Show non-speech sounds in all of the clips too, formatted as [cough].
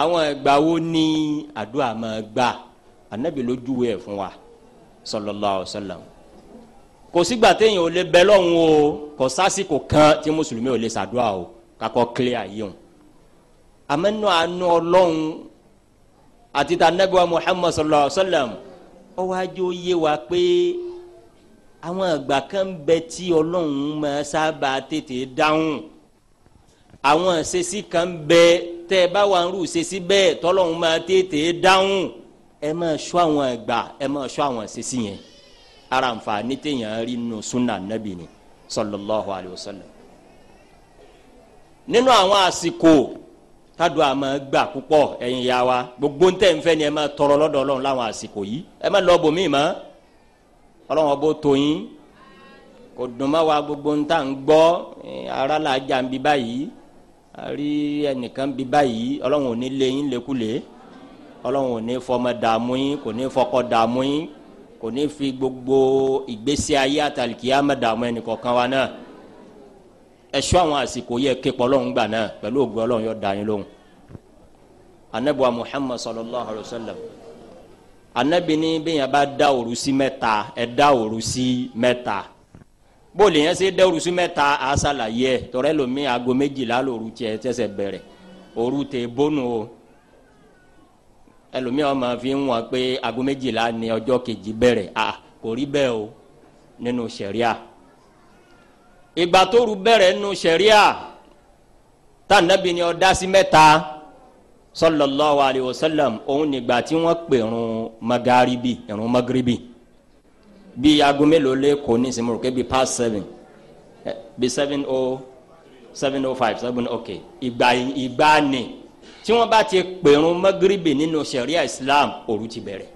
àwọn ìgbà wo ni àdúrà máa gbà ànábì ló júwe ẹ̀ fún wa sallallahu alaihi wasallam kò sígbà téèyàn ò lè bẹ lọ́hùn o kò sásìkò kan tí mùsùlùmí ò lè ṣàdúrà o kakọ clear yìí o amẹnu anu Ọlọ́run àti ta nẹgbẹwa Muhammad sallallahu alaihi wa sallam ọwájú yé wa pé àwọn àgbà kan bẹ tí Ọlọ́run máa sábà tètè dáhùn àwọn ìṣesí kan bẹ tẹ ẹ bá wà ń rú ìṣesí bẹ́ẹ̀ tọ́lọ́hún máa tètè dáhùn ẹ máa ṣọ́ àwọn ẹ̀gbà ẹ máa ṣọ́ àwọn ìṣesí yẹn ara nfààní téèyàn rí nù súnà nàbì ni sallallahu alayhi wa sallam nínú àwọn àsìkò tádùn àmọ́ gbà púpọ̀ ẹ̀yin ya wa gbogbo ń tẹ̀ ń fẹ́ ni ẹ máa tọrọ lọ́dọ̀ ọlọ́run láwọn àsìkò yìí ẹ má lọ bòmí mọ́ ọlọ́run ọbọ̀ tó kò dùn wa gbogbo ń tà ń gbọ́ ara làjà ń bí báyìí àrí ẹnìkan bí báyìí ọlọ́run ò ní lé yín lékulè ọlọ́run ò ní fọmọ dààmú yín kò ní fọkọ dààmú yín kò ní fi gbogbo ìgbésí ayé àtàlìkìyàmọ dààmú ẹnìkọ̀ọ̀kan wa náà ẹ̀ṣọ́ àwọn àsìkò yẹ képọ̀ ọlọ́run gbà náà pẹ̀lú ògùn ọlọ́run yóò dá yín lóhùn anabiwa muhammad sallallahu alayhi wa sallam anabi ni bẹ́ẹ̀ yẹn bá dá òru mẹ́ta ẹ̀ dá òru mẹ́ta bóòlù yẹn ṣe dẹrùsí mẹ́ta àṣàlàyé ẹ tọrẹ lomi aago méjìlá lóru tiẹ tẹsẹ bẹ̀rẹ̀ òru tẹ bónú o ẹlòmíì ọmọ fi ń wọn pé aago méjìlá ni ọjọ́ kejì bẹ̀rẹ̀ a kò rí bẹ́ẹ̀ o nínú ṣẹ̀ríà ìgbà tóru bẹ̀rẹ̀ nínú ṣẹ̀ríà tànàbí ni ọdá sí mẹ́ta sallallahu alayhi wa sallam òun nígbà tí wọ́n pè rún magaribi rún magribi bí aago mélòó lé kò ní sinmi rògbé bí past seven eh, bí seven o, seven o five seven okay ìgbà ìgbà ni tí wọ́n bá ti pèrún mọ́gíríbì nínú ṣẹ̀ríà Islam òru ti bẹ̀rẹ̀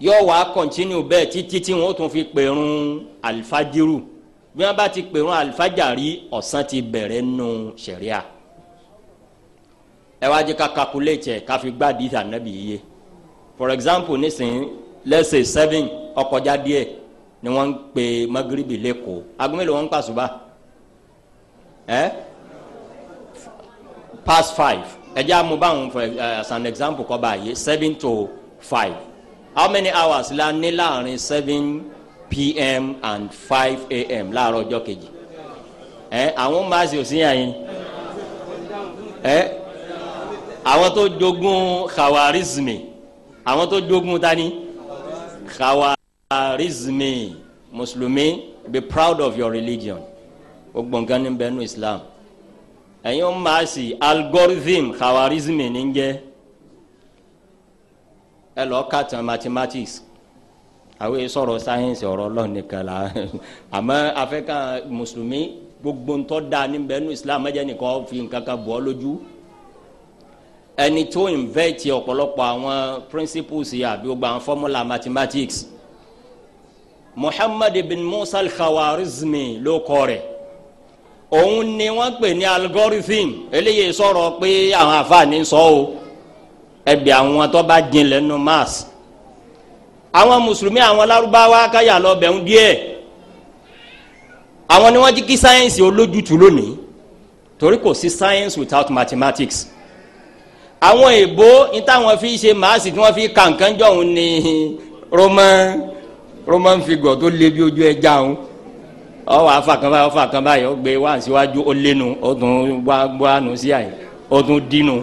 yóò wá kọ̀ntínú bẹ́ẹ̀ títí tí wọ́n tún fi pèrún alifajiru bí wọ́n bá ti pèrún alifajari ọ̀sán ti bẹ̀rẹ̀ nù ṣẹ̀ríà ẹ wá jẹ́ ká calculate ẹ̀ ká fi gbádìí ànábì yìí for example nísìnyí lẹ́sẹ̀ seven ọkọjá díẹ̀ ni wọ́n ń pe magiribi lẹ́kọ̀ọ́ aago mélòó wọ́n ń pàṣùbà ẹ́ past five ẹ̀jẹ̀ amúbáwọn for as an example kọ́ báyìí seven to five how many hours la ní láàrin seven pm and five am láàárọ̀ ọjọ́ kejì ẹ àwọn máàsì ò sí yàn ẹ àwọn tó jogún khawarizmi àwọn tó jogún tani khawarizmi mùsùlùmí be proud of your religion gbogbo nǹkan ní bẹ́ẹ̀ islam ẹ̀yin ó máa sì algorithm khawarizmi ní jẹ́ ẹ lọ́ọ́ kàtàn mathematics àwọn yìí sọ̀rọ̀ ọ̀rọ̀ ọlọ́run la [laughs] àmọ́ afẹ́kàn mùsùlùmí gbogbo ń tọ́ da ní bẹ́ẹ̀ islam ẹ jẹ́ nìkan fi nǹkan kan bọ́ lójú ẹni tó invent ọ̀pọ̀lọpọ̀ àwọn principles yìí àbí gbogbo àwọn formula mathematics Muhammad bin Musa al-Khawarizmi ló kọ rẹ̀ òun ni wọ́n pè ní algorithm eléyìí sọ̀rọ̀ pé àwọn àfààní sọ o ẹgbẹ́ àwọn tó bá jinlẹ̀ nínú maths àwọn mùsùlùmí àwọn lárúbáwá káyà lọ bẹ̀ ń díẹ̀ àwọn ni wọ́n jí kí sáyẹ́nsì olójútu lónìí torí kò sí science without mathematics àwọn èèbó ní táwọn fi ṣe màásì tí wọ́n fi kàǹkàn jọ̀hún ni roman roman figure tó lé bí ojú ẹja ọ̀hún ọwọ́ afakan báyìí ọfà kan báyìí ó gbé wá síwájú ó lénu ó tún wá gbóhánu sí àyè ó tún dínu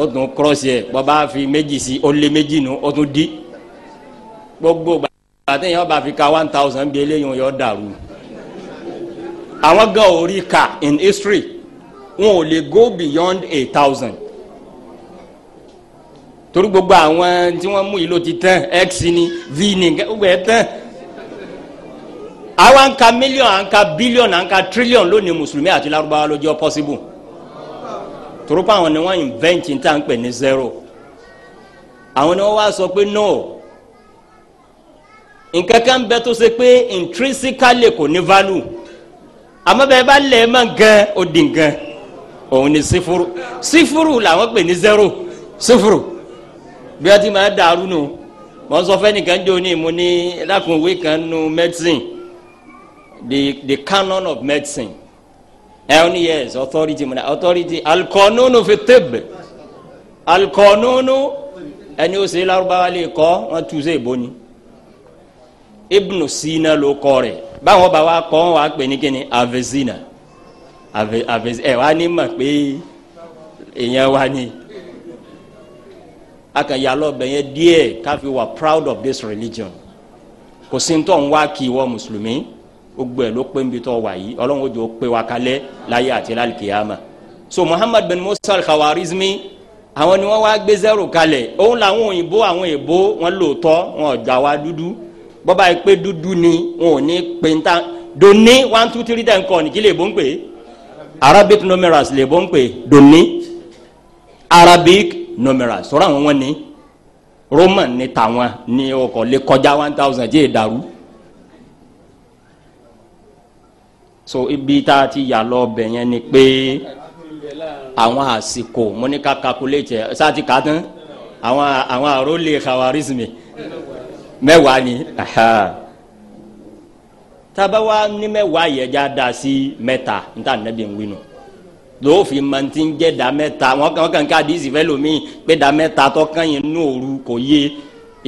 ó tún kírọ́ọ̀sì ẹ̀ bọ́bá fi méjì sí ó lé méjì nu ó tún dí gbogbo gbàtẹ́yìn ọba fi ka one thousand bí eléyìí yọ dàrú àwọn gan ò rí ka in history wọn ò lè go beyond a thousand torí gbogbo àwọn tí wọ́n mú yìí ló ti tán x ni v ni gbogbo ẹ̀ tán àwa ń ka mílíọ̀n à ń ka bílíọ̀n à ń ka tírílíọ̀n lónìí mùsùlùmí àti lárúbáwá ló possible torí ni wọ́n invent ní tá à ń pè zero àwọn ni wọ́n wá sọ pé no nǹkan kan bẹ tó ṣe pé intrinsically kò ní value àmọ́ bẹ́ẹ̀ bá lẹ̀ mọ́ gan ó gan ni làwọn pè ní bí wọ́n ti máa dàrú nù mọ sọ fẹ́nìkan jò ní mo ní lákùnwé kan nu medicine the the canon of medicine ẹ̀hún yes authority mo na authority alikọ́nùnù fi tèbè alikọ́nùnù ẹni ó ṣe lárúbáwá lè kọ́ wọ́n tu ṣe ìbò ni ibnu sina ló kọ́ rẹ̀ báwọn bá wa kọ́ wọn wá pè ní kíni avesina avesina ẹ̀ wá ní mọ̀ pé èèyàn wá ní akanyalọ bẹyẹ díẹ̀ káfi wa proud of this religion kò sí ntọ́ ń wá kí wọ́n mùsùlùmí gbogbo ẹ̀ ló pé nbí tọ́ wà yìí ọlọ́run ojú pé wa kalẹ̀ láyé àti lálùkìyàmà so muhammad bin musa al-khawarizmi àwọn ni wọ́n wá gbé zero kalẹ̀ òun làwọn òyìnbó àwọn èèbó wọn lóòótọ́ wọn ọ̀gbà wa dúdú bọ́ba yìí pé dúdú ni wọn ò ní pè ń ta doni one two three ten kọ́ ni kí lè bó ń pè arabic numerals lè bó ń pè doni arabic nọmẹra sọ̀rọ̀ àwọn wọn ni roman ni tàwọn ni ọkọ̀ lè kọjá one thousand jẹ́ ìdàrú. so ibi tá a ti yà lọ bẹ̀ yẹn ni pé àwọn àsìkò mọ́níkà ní sati calculate àwọn àwọn àròlé khawarizmi mẹ́wàá ni tábà wa ní mẹ́wàá yẹ já da sí mẹ́ta níta nẹ́bí ń wí No lófin mọ̀ntì ń jẹ́ da mẹ́ta wọn kàn kàn ká àdìsí fẹ́ lómi pé da mẹ́ta tó kàn yín nú òru kò yé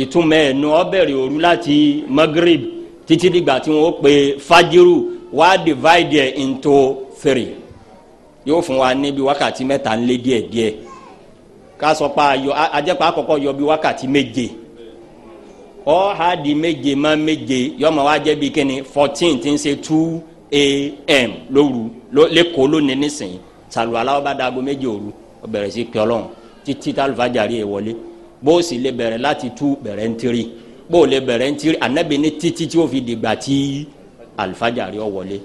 ìtumọ̀ ẹ̀ nu ọbẹ̀rẹ̀ òru láti magrib títí dìgbà tí wọn pe fajiru wá divide ẹ̀ into three yóò fún wa níbi wákàtí mẹ́ta ń lé díẹ̀ díẹ̀ ká sọ pa ayọ ajẹ́pá àkọ́kọ́ yọ bí wákàtí méje ọ ha di méje má méje yọmọ wa jẹ́ bí kíni fourteen ti ń ṣe two a.m. lóru lẹ́kọ̀ọ́ lónìí nísìnyí sàlù aláwọ bá dago méjì òru ó bẹ̀rẹ̀ sí pé Ọlọ́run títí tálùfájàrí yẹ wọlé bó o sì lè bẹ̀rẹ̀ láti tú bẹ̀rẹ̀ ntiri bó o lè bẹ̀rẹ̀ ntiri anabi ní títí tí ó fi dìgbà tí alùfájàrí ọ wọlé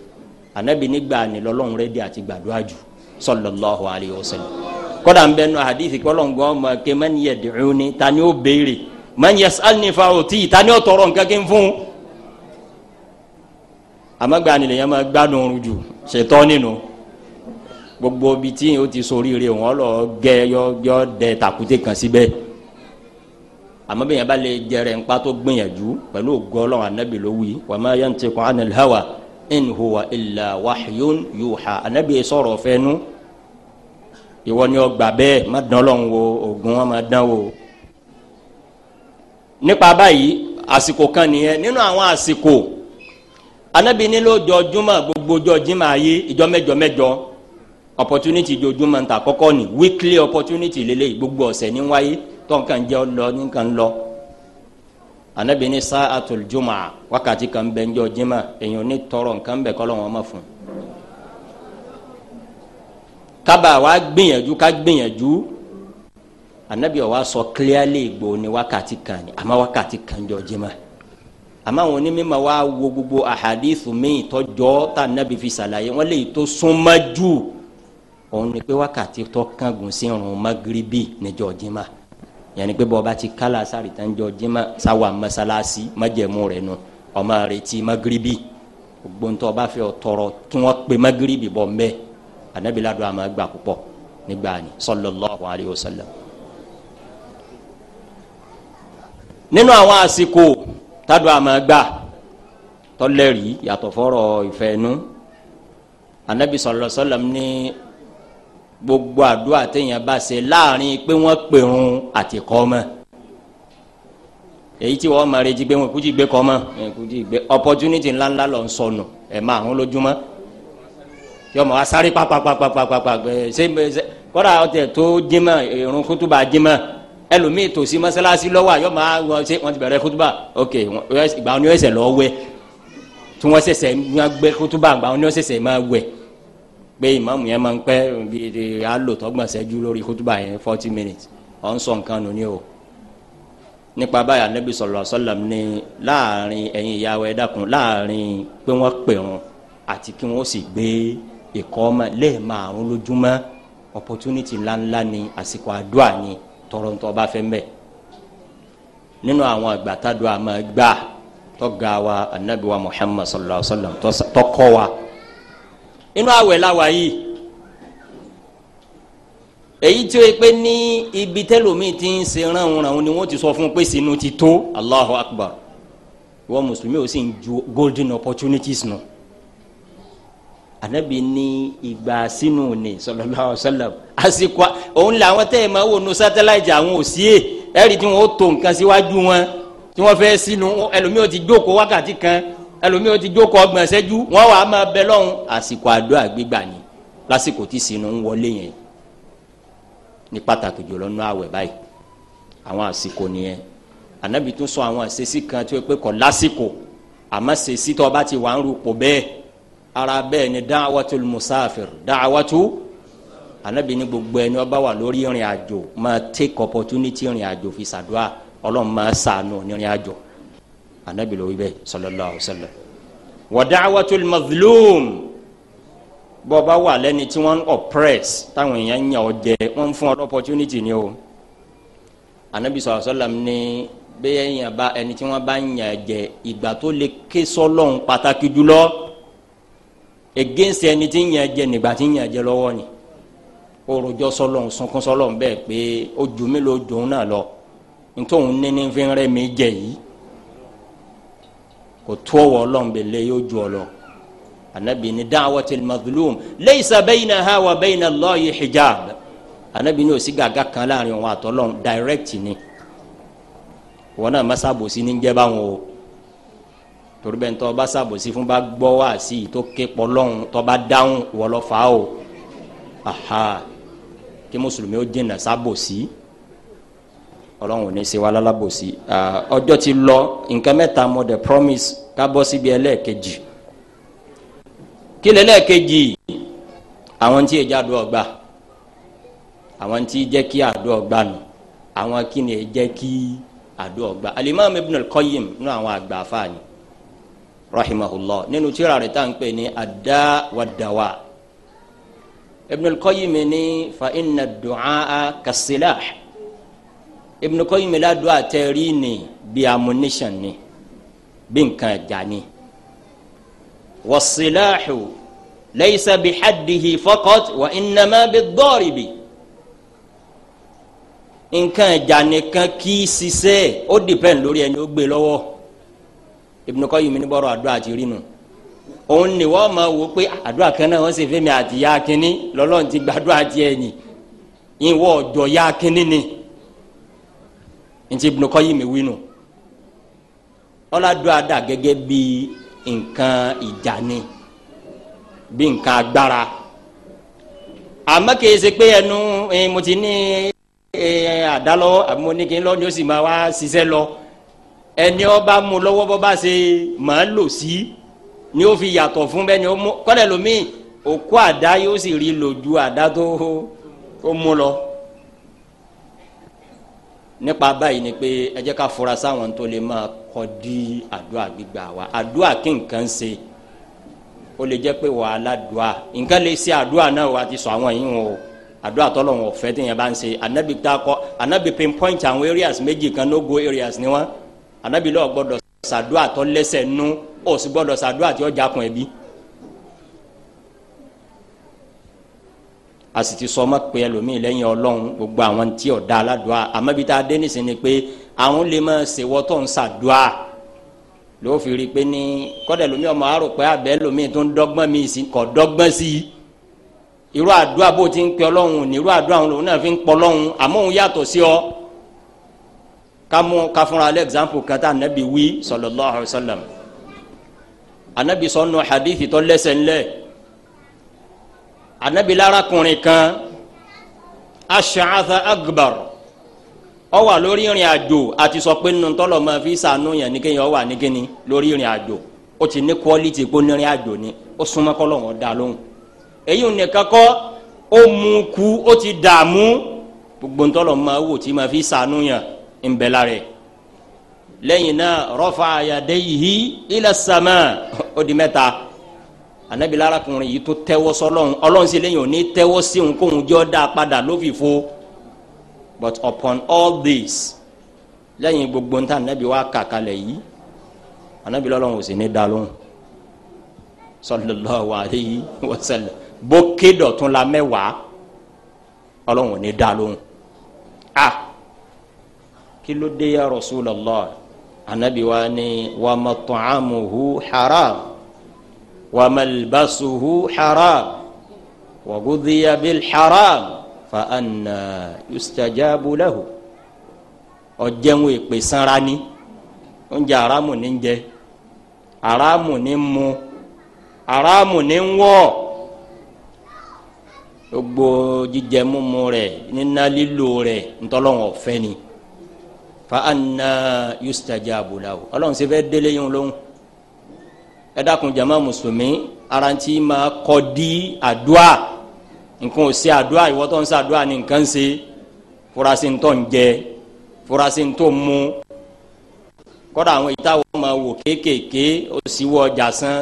anabi ní gbà ní lọ́lọ́run rẹ di àti gbàdúrà jù sallallahu alayhi wa sallam kódà ń bẹ nù hadithi kọlọǹgọ ọmọ kí man yad'uni ta ni ó béèrè man yas'alni fa'uti ta ni ó tọrọ nǹkan kí n fún un yẹn máa gbádùn oorun ṣètọ́ nínú. No gbogbo bi tí o ti sori re wọn lọ gẹ yọ yọ dẹ takute kan síbẹ̀ àmọ́ bẹ́ẹ̀ yẹn bá lè jẹrẹ ńpa tó gbìyànjú pẹ̀lú gọlọ́n anabi ló wí wa ma yantiqu anil hawa in huwa illa wahyun yuha anabi sọ̀rọ̀ fẹ́nu ìwọ ni ọ gbà bẹ́ẹ̀ má dán lọ́n wo oògùn wọn má dán wo. nípa báyìí àsìkò kan nìyẹn nínú àwọn àsìkò anabi nílò jọ gbogbo jọ ayé ìjọ mẹ́jọ mẹ́jọ opportunity jojúmọ́ nta kọ́kọ́ ni weekly opportunity lele gbogbo ọ̀sẹ̀ ní wáyé tọ́nkàn jẹ́ lọ nìkan lọ anabi ni sa'atul juma wákàtí kan bẹ ńjọ́ jima èyàn ní tọrọ nǹkan bẹ kọlọn wọn ma fún kaba wa gbìyànjú ka gbìyànjú anabi wa sọ clearly gbó ni wakati kan ni àmọ́ wákàtí kan jọ́ jima àmọ́ àwọn onímọ̀ wa wo gbogbo ahadithu mi tọ́jọ́ tá anabi fi ṣàlàyé wọn lè tó súnmọ́ jù òun ni pé wákàtí tó kángun sí irun magiribi níjọ́ jimá yẹnni pé bọba ti kálá sáré tán jọ jimá sáwà mọ́sálásí májẹ̀mú rẹ̀ nù ọmọ retí magiribi gbontọ́ bá fẹ́ tọrọ kí wọ́n pe magiribi bọ̀ mbẹ́ anabila do àmà gbà púpọ̀ nígbà ni sallallahu alayhi wa sallam. nínú àwọn àsìkò tádó àmà gbà tọ́lẹ̀rì yàtọ̀ fọ́rọ̀ ìfẹ́ nu anabi sallallahu alayhi ní gbogbo àdúrà téèyàn bá ṣe láàrin pé wọ́n pèrun àti kọ́mọ èyí tí wọ́n máa retí pé wọ́n kújì gbé kọ́mọ kújì gbé opportunity ńláńlá lọ ń sọnù ẹ̀ máa hún lójúmọ́ tí ọmọ wa sáré pàpàpàpàpàpà ṣe kọ́ra ọtẹ tó jímọ̀ irun kútùbà jímọ̀ ẹlòmíì tòsí mọ́sálásí lọ́wọ́ àyọ̀ máa wọ́n ṣe wọ́n ti bẹ̀rẹ̀ kútùbà ok ìgbà wọn ni wọ́n ṣẹ̀ṣẹ̀ lọ́ọ́ wẹ̀ tí wọ́n ṣẹ̀ṣẹ̀ gbẹ́ kútùbà ìgbà wọn ni wọ́n ṣẹ̀ṣẹ̀ máa wẹ̀ pé ìmáàmù yẹn máa ń pẹ́ bíi alòtọ́gbọ̀n ṣẹ́jú lórí kútúbà yẹn forty minutes ọ̀ ń sọ nǹkan nù ní o nípa báyà nẹ́bí sọ̀rọ̀ sọ́làm ní láàrin ẹ̀yin ìyàwó ẹ̀ dákun láàrin pé wọ́n pè wọn àti kí wọ́n sì gbé ìkọ́ ọmọ lẹ́ẹ̀márùn lójúmọ́ opportunity ńláńlá ni àsìkò àdúrà ni tọrọ ntọ́ bá fẹ́ mbẹ́ nínú àwọn àgbàtàdúrà máa gbà tọ́ga wa anabi wa muhammad sallallahu alaihi wa sallam tọ́kọ́ wa inú àwẹ̀ la wà yìí èyí tí ó yẹ pé ní ibi tẹlómìn ti ń ṣe ránun ránun ni wọ́n ti sọ fún pé sínú ti tó Allahu Akbar wọ́n mùsùlùmí ò sì ń ju golden opportunities nù. No anabi ní ìgbà sínú ni sallallahu alaihi wasallam àsìkò òun làwọn tẹ́ ẹ máa wò nu sátáláìtì àwọn òsíè ẹ̀rí tí wọ́n tó nǹkan síwájú wọn tí wọ́n fẹ́ sínú ẹlòmíì ti jókòó wákàtí kan ẹlòmíì ó ti jókòó ọgbọ̀n ṣẹ́jú wọ́n wàá máa bẹ lọ́hùn àsìkò àdúrà gbígbà ni lásìkò tí sinu ń wọlé yẹn ní pàtàkì jùlọ nú àwẹ̀ báyìí àwọn àsìkò nìyẹn ànábì tún sọ àwọn àṣesí kan tí ó pé kọ̀ lásìkò àmọ́ ṣèṣì tó bá ti wà ń rúpò bẹ́ẹ̀ ara bẹ́ẹ̀ ni da'watul musafir da'watu ànábì ní gbogbo ẹni ó bá wà lórí ìrìn àjò máa take opportunity ìrìn àjò fi ṣàdúrà ọlọ́run máa ṣàánú ìrìn àjò anabi lo wí bẹ́ẹ̀ sallallahu alaihi wasallam wa da'watul mazlum bọba wa lẹ́ni tí wọ́n oppress táwọn èèyàn ń yàn ọ́ jẹ fún ọ opportunity ni o anabi sallallahu alaihi wasallam ní bẹ́ẹ̀ yẹn bá ẹni tí wọ́n bá ń yàn jẹ ìgbà ké sọ́lọ́hún pàtàkì jùlọ against ẹni tí ń yàn jẹ nígbà tí ń yàn jẹ lọ́wọ́ ni orojọ sọ́lọ́hún sunkún sọ́lọ́hún bẹ́ẹ̀ pé ó jù dùn náà lọ ntòun ní ní mi jẹ yìí kò tó wọ lọ́nbẹ̀lẹ̀ yóò jọ lọ anabi ni da'watil mazlum laysa baynaha wa bayna Allahi hijab anabi ni o si gàgà kan láàrin wọn àtọlọ́run direct ni wọn náà masabosi ní jẹ́ báwọn o torí bẹ́ẹ̀ tó bá sabosi fún bá gbọ́ wá sí i tó ké pọlọ́run tó bá dáhùn wọlọ́fà o aha kí mùsùlùmí ó jìnnà sabosi. Si ọlọ́run ò ní ṣe wá lálábòsí ọjọ́ ti lọ nǹkan mẹ́ta mo the promise ká bọ́ síbi ẹlẹ́ẹ̀kejì kí lẹ́lẹ́ẹ̀kejì àwọn tí èjì àdúrà gbà àwọn tí jẹ́ kí àdúrà gbà nù àwọn kí ni jẹ́ kí àdúrà gbà alimami ibn al nínú àwọn àgbà afáàní rahimahullah nínú tírà rẹ̀ tá à ń pè ní adá wa dàwa ibn al fa inna ad-du'a kasilah. Ibn Qayyim ládùú àtẹ̀rí ni bí ammunition ni bí nǹkan ẹ̀já ni. wasilahu laysa bihaddihi faqat wa innama bid-daribi nǹkan ẹ̀já nìkan kì í ṣiṣẹ́ ó dìpẹ́ǹ lórí ẹni ó gbé lọ́wọ́ Ibn Qayyim ní bọ́rọ̀ àdúrà ti rí nu òun ni wọ́n máa wò pé àdúrà kan náà sì fẹ́ mi àti ya kínní lọ́lọ́run ti gbàdúrà tiẹ̀ yìí ìwọ ọ̀jọ̀ ya kínní ni ntí Ibn Qayyim wínú ọlọ́dún adá gẹ́gẹ́ bí nǹkan idani, ni bí nǹkan agbára àmọ́ kìí ṣe pé ẹnu mo ti ní àdálọ́ àbí mo ní kí n lọ ni ó sì máa wá ṣiṣẹ́ lọ ẹni mu lọ́wọ́ bọ́ bá ṣe máa lò ni ó fi yàtọ̀ fún bẹ́ẹ̀ ni ó mú kọ́lẹ̀ lómi òkú àdá yóò sì rí lòjú àdá tó ó mú lọ nípa báyìí ni pé ẹ jẹ́ ká fura sáwọn tó lè máa kọ́ di àdúrà gbígbà wa àdúrà kí nǹkan ṣe ó lè jẹ́ pé wàhálà dùà nǹkan lè ṣe àdúrà náà wà á ti sọ àwọn yìí wọn o àdúrà tọ́lọ́wọ̀n ọ̀fẹ́ tí yẹn bá ń ṣe anabi ta kọ anabi pinpoint àwọn areas méjì kan no go areas ni wọn anabi lọ́ọ̀ gbọ́dọ̀ ṣàdúrà tọ́ lẹ́sẹ̀ nú ó sì gbọ́dọ̀ ṣàdúrà tí ó jákun ẹbí. a sì ti sọ ma pé ẹlòmíì lẹ́yìn ọlọ́run gbogbo àwọn tí ò da aládùá àmọ́ bí tá a dé nísìn ni pé àwọn lè máa ṣèwọ́tọ̀ ń ṣàdùá ló fi rí i pé ní kọ́dà ẹlòmíì ọmọ àrò pé abẹ́ ẹlòmíì tó ń dọ́gbọ́n mi sí kọ́ dọ́gbọ́n sí i irú àdúrà bó ti ń pè ọlọ́run ní irú àdúrà òun náà fi ń pọ ọlọ́run àmọ́ òun yàtọ̀ sí ọ ká mú ká fúnra alẹ́ anabi wí sallallahu alaihi anabi sọnù hadith tó lẹ́sẹ̀ ńlẹ́ẹ̀ anabilara kùnrin kan aṣááta akbar ó wà lórí ìrìn àjò àti sọ pé nùtọ́lọ̀ máa fi sànú yẹn ní kéèyàn ó wà ní kíni lórí ìrìn àjò ó ti ní kọ́lítì pé nírìn àjò ni ó súnmọ́ kọ́ lọ́wọ́ dá lóhùn èyí ò nìkan kọ́ ó mú kú ó ti dààmú gbogbo nùtọ́lọ̀ máa wò tí máa fi sànú yẹn ń bẹ lára ẹ̀ lẹ́yìn náà rafa yadayhi ila sama ó di mẹ́ta anabila arakunrin yìí tó tẹ́wọ́ sọ́lọ́run Ọlọ́run sì lẹ́yìn òní tẹ́wọ́ sí òun kóun jọ dáa padà ló fi fo but upon all this lẹ́yìn gbogbo ntá anabi wa kà kalẹ̀ yìí anabila Ọlọ́run ò sì ní da lóhùn sallallahu alayhi wa sallam bó ké dọ̀tún la mẹ́wàá Ọlọ́run ò ní da lóhùn ah kí ló dé ya Rasulullah anabi wa ni wa mat'amuhu haram. وملبسه حرام وغذي بالحرام فأنا يستجاب له ọjẹun èpè sanra ni oúnjẹ aráàmù ní ń jẹ aráàmù ní ń mu aráàmù ní ń wọ̀ gbogbo jíjẹ mímu rẹ̀ níná lílo rẹ̀ ntọ́lọ́wọ̀n ọ̀fẹ́ ni fa anna yustajabu lahu ọlọ́run ṣe fẹ́ délé yín lóhùn ẹ dákun jama mùsùlùmí arantí máa kọ di àdúà nǹkan ò sí àdúà ìwọ tó ń ṣe àdúà ní nǹkan ṣe furasi ntọ́ ń jẹ furasi ntọ́ ń mu kọ́dà àwọn ìta wọ́n máa wò kéékèèké ó sì wọ ọjà sán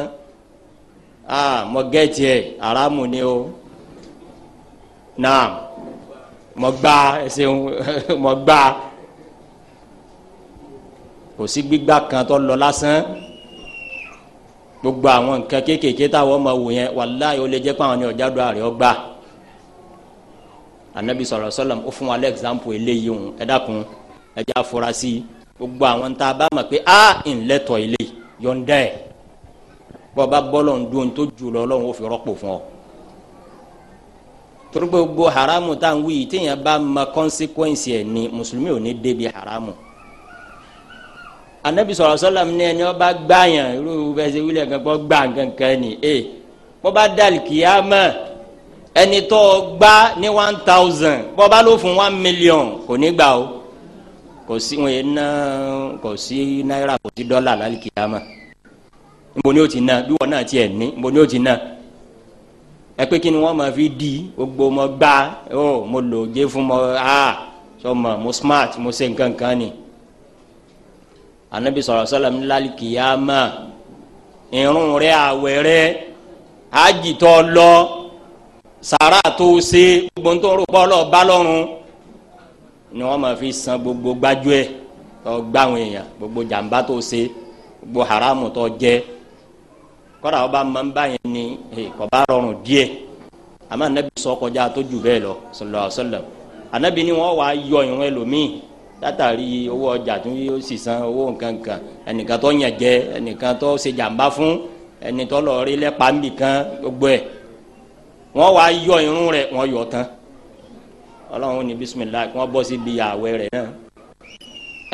a mọ gẹ́ẹ̀tì ẹ̀ aramu ni o náà mọ gbá ẹsẹ̀ [laughs] mọ gbá kò sí gbígbà kan tó lọ lásán gbogbo àwọn nǹkan kéékèèké táwọn ọmọ wò yẹn wàláyé ó lè jẹ́ pé àwọn ní ọjà do àrẹ ọgbà anabi sọ̀rọ̀ sọ́lọ̀m ó fún wa lẹ́gzámpù eléyìí òun ẹ dákun ẹ afurasí gbogbo àwọn tá a bá mọ̀ pé a ńlẹ́tọ̀ ilé yọ̀ǹda ẹ̀ bọ́ ọba bọ́lọ̀ ń dún tó jù lọ lọ́wọ́ fi rọ́pò fún ọ. torí gbogbo haramu tá à ń wí yìí téèyàn bá mọ consequence ẹ̀ ni mùsùlùmí ò ní débi haramu anabi sọ̀rọ̀ sọ́la mi ni ẹni wọ́n bá gbàyàn irú bẹ́sẹ̀ wílẹ̀ kankan gbà kankan ni e wọ́n bá dàlí kìyàmọ́ ẹni tó gbá ní one thousand bọ́ bá ló fún one million kò ní gbà o kò sí wọn yẹn ná kò sí náírà kò sí dọ́là lálẹ́ kìyàmọ́ nbọ ni o ti ná bí wọn náà tiẹ̀ ní nbọ ni o ti ná ẹ pé kí ni wọ́n máa fi di gbogbo mọ gbá ó mo lò ó gé fún mọ a sọ ma mo smart mo ṣe nǹkan ni anabi sọ̀rọ̀ sọ́lá mi lali kìyàmà irun rẹ̀ àwẹ̀ rẹ̀ hajj tó lọ sàrà tó ṣe gbogbo ń tó rò bọ́ lọ bá lọ́rùn ni wọ́n máa fi san gbogbo gbájú ẹ̀ àwọn èèyàn gbogbo jàǹbá tó ṣe gbogbo haramu tó jẹ kọ́ra ọba máa ń báyẹn ni kò bá rọrùn díẹ̀ àmọ́ anabi sọ kọjá tó jù bẹ́ẹ̀ lọ sọlọ sọlọ anabi ni wọ́n wàá yọ irun ẹlòmíì látàrí owó ọjà tó yóò sì san owó nǹkan kan ẹnìkan tó yàn jẹ ẹnìkan tó ṣe jàǹbá fún ẹnìtọ́ lọ rí lẹ́pa nìkan gbogbo ẹ̀ wọ́n wá yọ irun rẹ̀ wọ́n yọ tán ọlọ́run ní bisimilayi wọ́n bọ́ sí ibi àwẹ̀ rẹ̀ náà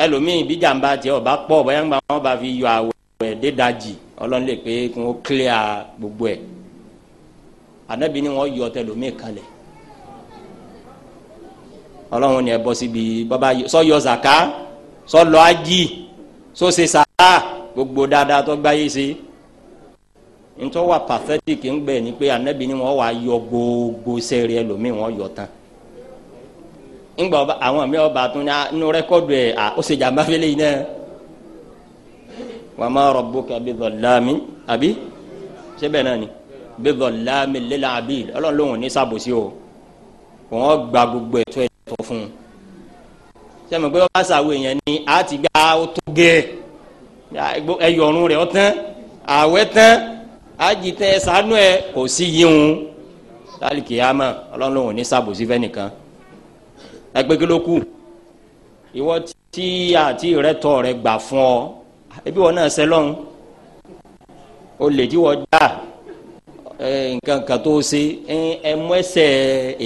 ẹlòmíì bí jàǹbá tiẹ̀ ọba pọ̀ bóyá ń gba wọn bá fi yọ àwẹ̀ dédajì ọlọ́run lè pé kí wọ́n gbogbo ẹ̀ ànábi ni wọ́n yọ tẹlòmíì kalẹ̀ ọlọ́run ni ẹ bọ́ síbi bàbá sọ́yọ zaka sọ́lọ́ ají sọ́sẹ sàrà gbogbo dáadáa tó gbáyé sí ntọ́ wa pathetic ń gbẹ̀ ni pé anabi ni wọ́n wá yọ gbogbo sẹ́rẹ̀ ẹlòmíì wọ́n yọ tán ńgbà àwọn mi ọba tún ní inú rẹ́kọ́dù ẹ̀ ó ṣe jàmbá fẹ́lẹ́ yìí náà wa ma rabbuka bi dhallami àbí ṣébẹ̀ náà ni bi dhallami lil abid ọlọ́run lòun ní sàbòsí o wọ́n gba gbogbo ẹ̀tọ́ ẹ̀ tó fún un sẹ́mi pé ọba sàwọ èèyàn ni a ti gbá ó tó gẹ́ e. ẹyọ̀run rẹ̀ ọ̀tán àwẹ̀ tán àjì tán ẹ sànú ẹ kò sí yíhun tálíkì àmọ́ ọlọ́run lòun ní sàbòsí fẹ́ nìkan ẹgbẹ́ kí ló kù ìwọ tí àti rẹ tọ rẹ gbà fún ọ ebi wọn náà sẹlọ́n o lè tí wọ́n dá nǹkan kan tó ṣe ẹ mú ẹsẹ̀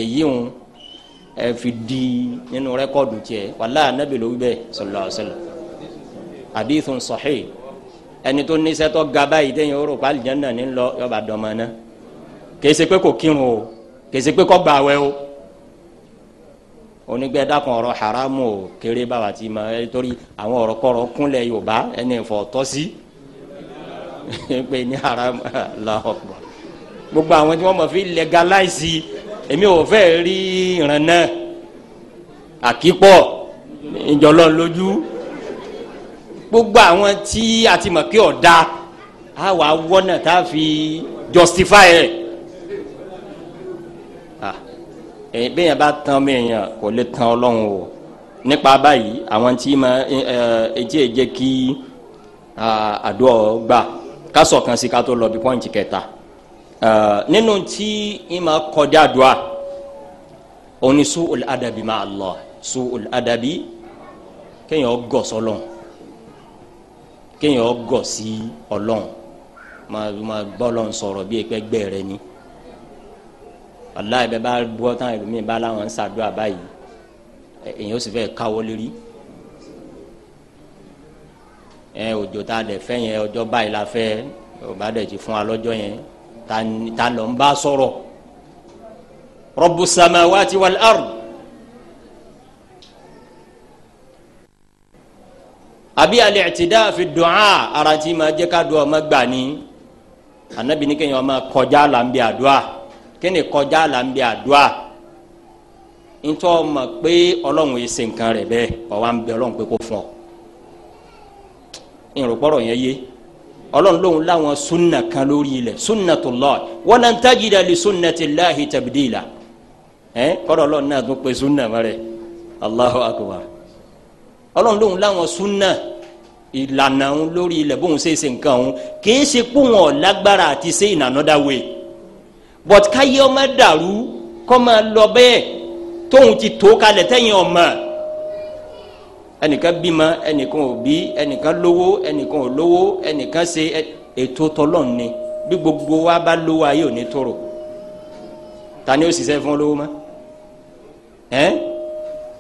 èyí hùn ẹ fi di nínú rẹ́kọ̀dù tiẹ̀ wàlá anabi ló wí bẹ́ẹ̀ sallallahu alaihi wasallam hadithun sahih ẹni tó ní sẹ́tọ́ gaba yìí tẹ́yìn o rò pa àlìjáná ní lọ yọba dọ̀mọ́ náà kìí ṣe pé kò kírun o kìí ṣe pé kò gbà wẹ̀ o onígbẹ́ dákun ọ̀rọ̀ haramu o kéré báwa ti ma ẹ torí àwọn ọ̀rọ̀ kọ̀rọ̀ kúnlẹ̀ yorùbá ẹni ìfọ̀ tọ́sí [laughs] pé ní haramu Allahu gbogbo àwọn tí wọ́n mọ̀ fi legalize èmi ò fẹ́ rí ìran náà àkípọ̀ ìjọlọ lójú gbogbo àwọn tí a ti mọ̀ pé ọ̀dà á wà wọ́nà tá a fi justify ẹ̀ bẹ́ẹ̀ yẹn bá tán bẹ́ẹ̀ yẹn kò lè tán ọlọ́run o nípa báyìí àwọn tí ma etí ẹ̀ jẹ́ kí àdúrà gbà ká sọ̀kan sí ká tó lọ bí pọ́ǹtì kẹta nínú tí ìmọ̀ kọjá dùá òní su'ul adabi ma Allah su'ul adabi kéèyàn gọ̀ sọlọ́n kéèyàn gọ̀ sí ọlọ́n máa gbọ́lọ́n sọ̀rọ̀ bí ẹgbẹ́ gbẹ̀rẹ̀ ni aláì bẹ́ẹ̀ bá gbọ́ tán ẹlòmíì bá láwọn ń ṣàdúrà báyìí èyàn ó sì fẹ́ káwọ́ lérí ẹ òjò tá a dẹ̀ fẹ́ yẹn ọjọ́ báyìí la fẹ́ ọba dẹ̀ ti fún wa lọ́jọ́ ta lọ ń bá sọ̀rọ̀ rọbu samawati wal ard àbí al-i'tida fi du'a aranti ma jẹ́ ká du'a ma gbà ní anabi ní kéèyàn ma kọjá la ń bí àdúà kéèyàn kọjá la ń bí àdúà ntọ́ ma pé ọlọ́run yìí ṣe nǹkan rẹ̀ bẹ́ẹ̀ ọ̀wá ń bẹ ọlọ́run pé kó fún ọ ìrùpọ̀rọ̀ yẹn ọlọ́run lóhun láwọn sunna kan lórí ilẹ̀ sunnatullah walan tajida li sunnatillahi tabdila ẹ kọ́dọ̀ ọlọ́run náà tún pe sunna mẹ́rẹ̀ Allahu akbar ọlọ́run lóhun láwọn sunna ìlànà òun lórí ilẹ̀ bóun ṣe ṣe nǹkan òun kìí ṣe pé wọn lágbára àti ṣe in another way but káyé ọmọ dàrú kọ́ máa lọ bẹ́ẹ̀ tóun ti tó kalẹ̀ tẹ́yìn ọmọ ẹnìkan bímọ ẹnìkan ò bí ẹnìkan lówó ẹnìkan ò lówó ẹnìkan ṣe ètò tọlọ́n ni bí gbogbo wa bá lówó ayé ò ní tóró ta ni ó sì sẹ́ fún lówó mọ́ ẹ́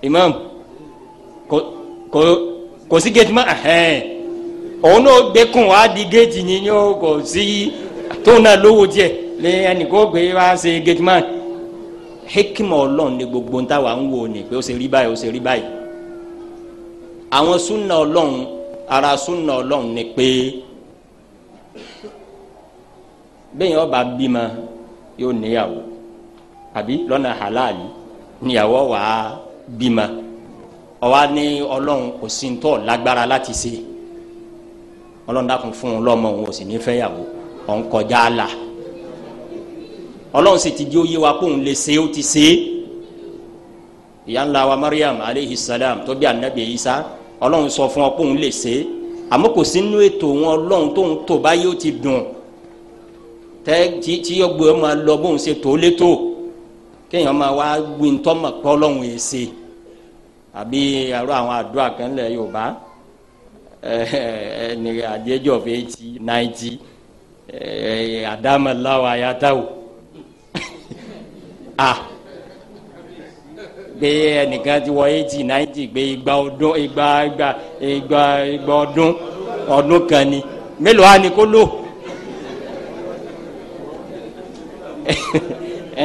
imam kò kò kò sí géètì mọ́ òun náà gbé kùn wá di géètì yín yóò kò sí tóun náà lówó díẹ̀ lé ẹnìkan gbé wá ṣe géètì mọ́ hekima Ọlọ́run ni gbogbo ń ta wà ń wò ni pé ó ṣe rí báyìí ó ṣe rí báyìí àwọn súnà ọlọ́run ara súnà ọlọ́run ni pé bẹ́ẹ̀ yẹn ọba bímọ yóò níyàwó àbí lọ́nà halali níyàwó wàá bímọ ọwọ́ ní ọlọ́run kò sí ntọ́ lágbára láti ṣe ọlọ́run dákun fún un lọ́mọ òun ò sì ní fẹ́ yàwó òun kọjá la ọlọ́run sì ti di ó yé wa kóun lè ṣe ó ti ṣe é ìyá ńlá wa Maryam aleyhi salam tó bí anabi Isa ọlọ́run sọ fún ọ pé òun lè ṣe é àmọ́ kò sí nínú ètò wọn ọlọ́run tóun tó báyìí ó ti dùn tẹ́ tí tí ọgbẹ́ ọ máa lọ bóun ṣe tó létò kéèyàn máa wá gbin tọ́mọ̀ pé ọlọ́run yìí ṣe àbí àrò àwọn àdúrà kan lẹ̀ Yorùbá ẹni àdéjọ́ of eighty ninety àdámọ̀ láwa yàtọ̀ ah. gbe ẹnìkan ti wọ eighty ninety gbe igba ọdún igba igba igba igba ọdún ọdún kan ni mélòó á ní kó lò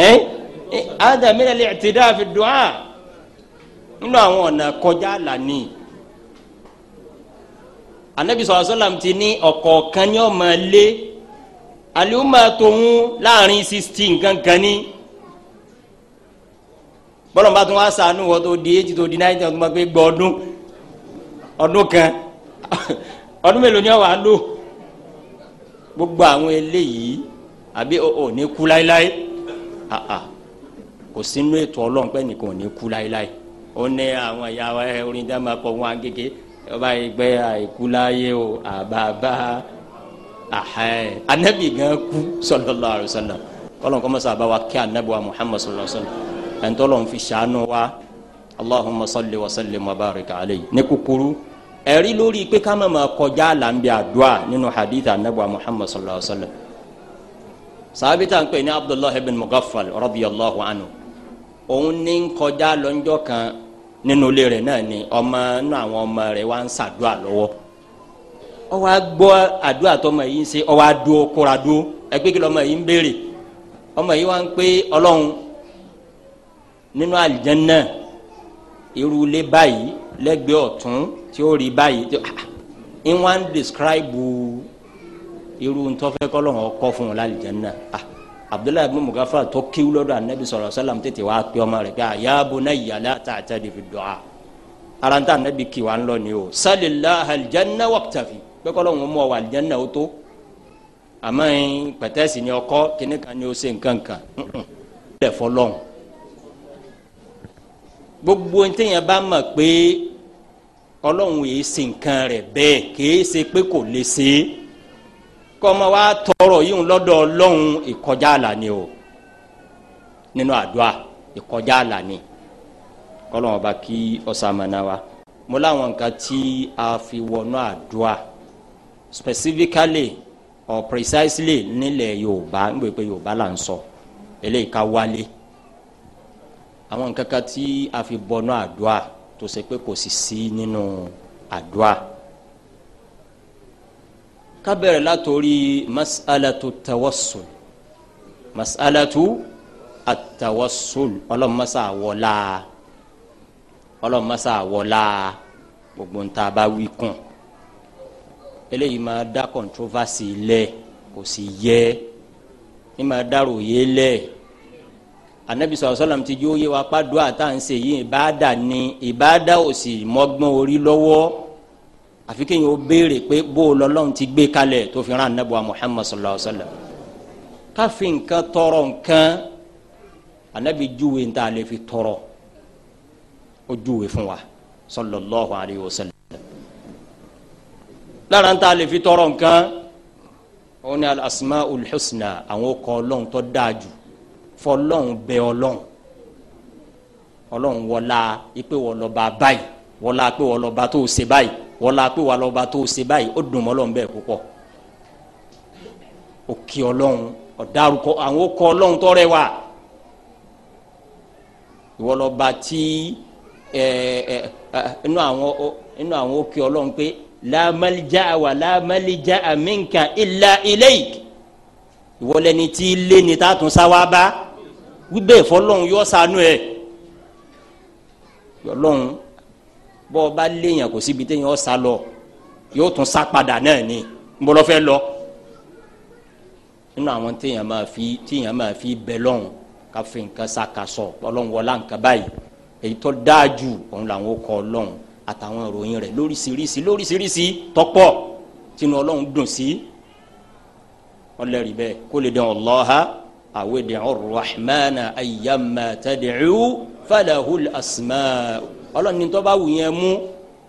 [laughs] ẹn ádàmínà lè ti dáa fi dùn á nínú àwọn ọ̀nà kọjá lànà anabi ti ní ní ọmọ lé láàrin sixteen gangan ni bọ́lá bá tún wá sànú wọ́n tó di eighty tó di ninety tó ma pé gbọ́ ọdún ọdún kan [laughs] ọdún mélòó ni wàá lò gbogbo àwọn eléyìí àbí ò ní kú láéláé àà kò sínú ètò ọlọ́run pé nìkan ò ní kú láéláé ó ní àwọn ìyá wa orin dá máa kọ wọn agége ọba ìgbẹ́ àìkú láyé o àbàbà àhẹ́ anabi gan kú sallallahu alaihi wasallam kọ́lọ́n kọ́mọ́sá àbáwá kí anabi wa muhammad sallallahu ẹ̀ńtọ́lọ̀ ń fi ṣàánú wa allahumma salli wa sallim wa barik alayhi ní kúkúrú ẹ̀rí lórí pé ká má máa kọjá làǹbí àdúrà nínú hadith anabuwa muhammad sallallahu alayhi wa sallam sàbítà ń pè ní abdullahi bin mughaffal radiyallahu anhu òun ní ń kọjá kan nínú ilé náà ni ọmọ inú àwọn ọmọ rẹ̀ wá ń ṣàdúrà lọ́wọ́ ó wá gbọ́ àdúrà tọmọ yìí ń ṣe ó dúó kóra dúó ẹgbẹ́ kí lọmọ yìí ń béèrè ọmọ yìí wá ń pé ọlọ́run nínú àlìjánná irú ilé báyìí lẹ́gbẹ̀ẹ́ ọ̀tún tí ó rí báyìí tí ń wá ń describe irú ntọ́fẹ́ kọ́lọ́hún ọkọ fún un lálìjánná ah, abdullahi ibn mugafa tó kíw lọ́dọ̀ anabi sọ̀rọ̀ sálàm tètè wá pé ọmọ rẹ̀ pé àyàbò náà yàrá tààtà lè fi dùn á ara ń tà anabi kí wa ń lọ ni o sálìlá àlìjánná wàkùtàfì pé kọ́lọ́hún mú ọ wà àlìjánná ó tó àmọ́ pẹ̀tẹ́sì ni ọkọ kíníkan ni ó ṣe nǹkan kan lẹ́fọ́ lọ́hùn gbogbo ntẹ̀yìn bá mọ̀ pé ọlọ́run yìí ṣe nǹkan rẹ̀ bẹ́ẹ̀ kìí ṣe pé kò lè ṣe é kọ́mọ wa tọrọ yìí lọ́dọ̀ ọlọ́run ìkọjá àlà ni o nínú àdúrà ìkọjá àlà kọ́lọ́run ọba kí ọ̀sàmọ̀nà wa mo láwọn nǹkan tí a fi wọnú àdúrà specifically or precisely nílẹ̀ yorùbá ń gbé pé yorùbá là ń sọ eléyìí ká wálé. So àwọn nǹkan kan tí a fi bọnú àdúrà tó ṣe pé kò sì sí nínú àdúrà ká bẹ̀rẹ̀ látòrí masalatu tawassul masalatu atawassul ọlọ́mọsá wọlá ọlọ́mọsá wọlá gbogbo ń ta bá wí kùn eléyìí máa dá controversy lẹ̀ kò sì yẹ ní máa dárò yé lẹ̀ anabi sọ̀rọ̀ sọ́lá ti jó yé wa pa do àtà ń ṣe yìí ìbáàdà ni ìbáàdà ò sì mọ́gbọ́n orí lọ́wọ́ àfi kéèyàn ó béèrè pé bó o lọ́lọ́run ti gbé kalẹ̀ tó fi ran anabi wa muhammad sọ̀rọ̀ sọ́lá káfí nǹkan tọrọ nǹkan anabi júwe ń tà lè fi tọrọ ó júwe fún wa sallallahu alayhi wa sallam lára ń tà lè fi tọrọ nǹkan òun ni al husna àwọn kọ́ ọlọ́run tó dáa fọlọ́n bẹ ọlọ́n ọlọ́n wọlá ipe wọlọba báyìí wọlá pé wọlọba tó ṣe báyìí wọlá pé wọlọba tó ṣe báyìí ó dùn mọ́lọ́n bẹ́ẹ̀ púpọ̀ òkè ọlọ́n ọ̀dàrúkọ àwọn okọ ọlọ́n tọrẹ wa ìwọlọba tí ẹ ẹ inú àwọn inú àwọn òkè ọlọ́n pé la malja wa la malja minka illa ilayk ìwọlẹ́ni tí lé ni tá a tún sá wá bá wíbẹ̀ fọlọ́hún yọ sànú ẹ̀ yọlọ́hún bọ́ ọ bá léèyàn kò síbi téèyàn ọ̀ sá lọ yóò tún sá padà náà ni nbọlọfẹ lọ nínú àwọn téèyàn máa fi téèyàn máa fi bẹ lọ́hún ká fi nǹkan sá ka sọ ọlọ́hún wọlá nǹkan báyìí èyí tó dáa jù òun làwọn ó kọ ọlọ́hún àtàwọn ìròyìn rẹ̀ lóríṣiríṣi lóríṣiríṣi tọ́pọ̀ tínú ọlọ́hún dùn sí ọlẹ́rìí bẹ́ẹ̀ kó lè dán ọlọ́ha aw ad'u rahmana ayyamma tad'u falahul asmaa ọlọ́run ní tó bá wù yẹn mú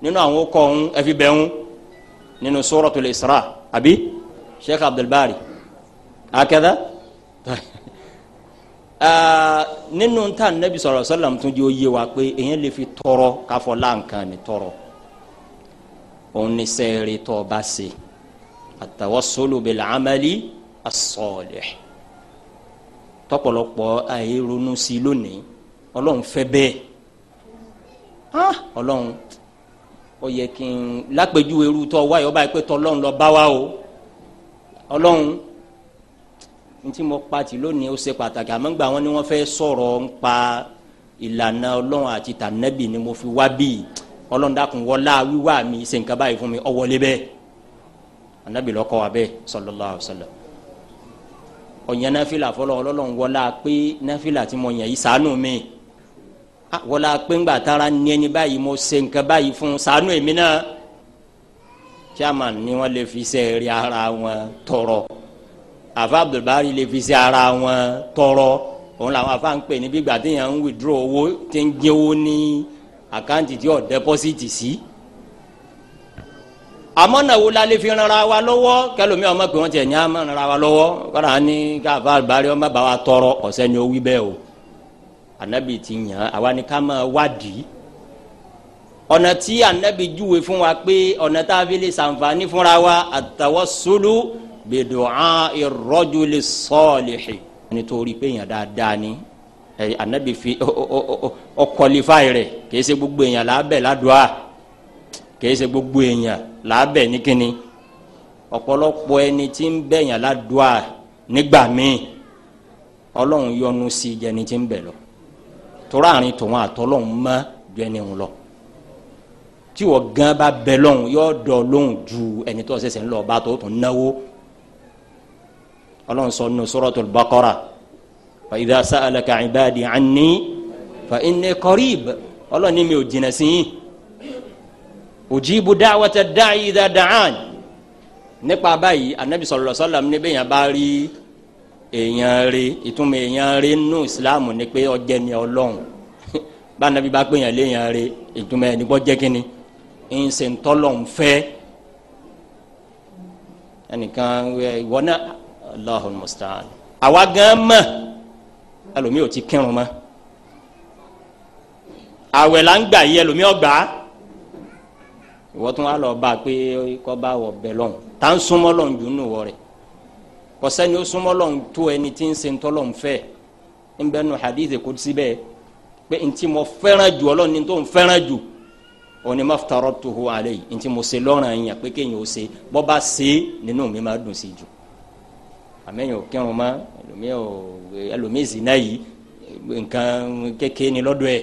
nínú àwọn ọkọ̀ ọ̀hún ẹ̀fi bẹ̀hún nínú suratul isra àbí sheikh abdulbari akẹ́dá [laughs] ah, nínú ta nabi sọ̀rọ̀ sọ́làm tún jẹ́ oyé wa pé èyàn lè fi tọrọ káfọ́ láǹkan ní tọrọ òun ní sẹ́ẹ̀rì tó bá ṣe àtàwassulu bil amali as tọ̀pọ̀lọpọ̀ àyè ronú sí lónìí Ọlọ́run fẹ́ bẹ́ẹ̀ Ọlọ́run ó yẹ kí n lápẹjù eru tọ wáyé ọba ìpẹtọ Ọlọ́run lọ bá o Ọlọ́run ntí mo pati lónìí ó ṣe pàtàkì àmọ́ wọn ni wọ́n fẹ́ sọ̀rọ̀ nípa ìlànà ọlọ́run àti tànẹ́bì ni mo fi wá bíi ọlọ́run dákun wọlá wíwá mi ṣe nǹkan báyìí fún mi ọwọ́lé bẹ́ẹ̀ ànábì lọ́kọ́ wa bẹ́ẹ̀ sallallahu alaihi ọ̀yàn náfìlà fọlọ ọlọ́run wọlá pé náfìlà tí mo yàn yìí sànù mi wọlá pé ńgbà tára ní ẹni báyìí mo ṣe nǹkan báyìí fún sànù èmi náà chairman ni wọn lè fi ṣe rí ara wọn tọrọ àfa abdulbari lè fi ṣe ara wọn tọrọ òun làwọn afa ń pè ní bí gbàdéyàn ń withdraw owó tí ń jẹ́wọ́ ní àkáǹtì tí ọ̀ dẹ́pọ́sìtì sí. Si àmọ́ náà wo la lè fi ranra wa lọ́wọ́ kẹlòmíà ọmọ pé wọ́n tiẹ̀ ní àmọ́ ranra wa lọ́wọ́ kọ́ra ní káfa àlùbárí ọmọ bá wa tọrọ ọ̀sẹ̀ ni ó wí bẹ́ẹ̀ o anabi ti yàn án àwa ni ká máa wádìí anabi júwe fún wa pé ọ̀nà tá a fi lè ṣàǹfààní fúnra wa àtàwọ́sọ́lù bìdùnà ìrọ́júlẹ̀ sọ́ọ̀lìhì nítorí pé èèyàn dáadáa ni anabi fi ọkọlifáì rẹ̀ kì í ṣe gbogbo èèyàn lábẹ́ ládùá kì í ṣe gbogbo èèyàn làábẹ̀ ní kínní ọ̀pọ̀lọpọ̀ ẹni tí ń bẹ̀yàn ládùá nígbà míì ọlọ́run yọ́nú sí jẹni tí ń bẹ̀ lọ torí àárín tòun àtọ́lọ́run mọ́ ju ẹni òun lọ tí wọ́n gan bá bẹ lọ́hùn yọ́ dọ̀ lóhùn ju ẹni tó ṣẹ̀ṣẹ̀ ń lọ bá tó tún náwó ọlọ́run sọ nínú Suratul Baqara fa idha sa'alaka ibadi anni fa inni qarib ọlọ́run ní mi ò jìnnà sí yìí òjìbù dáwọ́tẹ̀ dáì dá dáhàn nípa báyìí anabi sallallahu alaihi wasallam níbẹ̀ yẹn bá rí èèyàn rí ìtumọ̀ èèyàn rí nù ìsìláàmù ni pé ọjẹ́ ni ọlọ́run [laughs] bá anabi bá pè yàn léèyàn rí ìtumọ̀ ẹni gbọ́ jẹ́ kínni ń ṣe ń tọ́lọ̀ fẹ́ ẹnìkan ìwọ náà Allahul musta'an àwa gan mọ̀ ẹlòmíì ò ti kírun mọ́ àwẹ̀ là ń gbà yí ẹlòmíì ọgbà ìwọ tún wà lọ bá a pé kọ́ bá wọ bẹ́ẹ̀ lọ́hùn tá ń súnmọ́ lọ́hùn jù nù wọ rẹ̀ kọ́sẹ́ni ó súnmọ́ lọ́hùn tó ẹni tí ń ṣe ń tọ́lọ́hùn fẹ́ ń bẹ́ẹ̀ nù hadithi kò síbẹ̀ pé ntí mo fẹ́ràn jù ọlọ́run ní tó ń fẹ́ràn jù òní má fitaro tó hu alẹ́ yìí ntí mo ṣe lọ́rùn yẹn pé kéèyàn ó ṣe bọ́ bá ṣe nínú mi máa dùn sí jù àmẹ́yìn òkèrùn mọ́ ẹlòmíì zina yìí nǹkan kékeré ni lọ́dọ̀ ẹ̀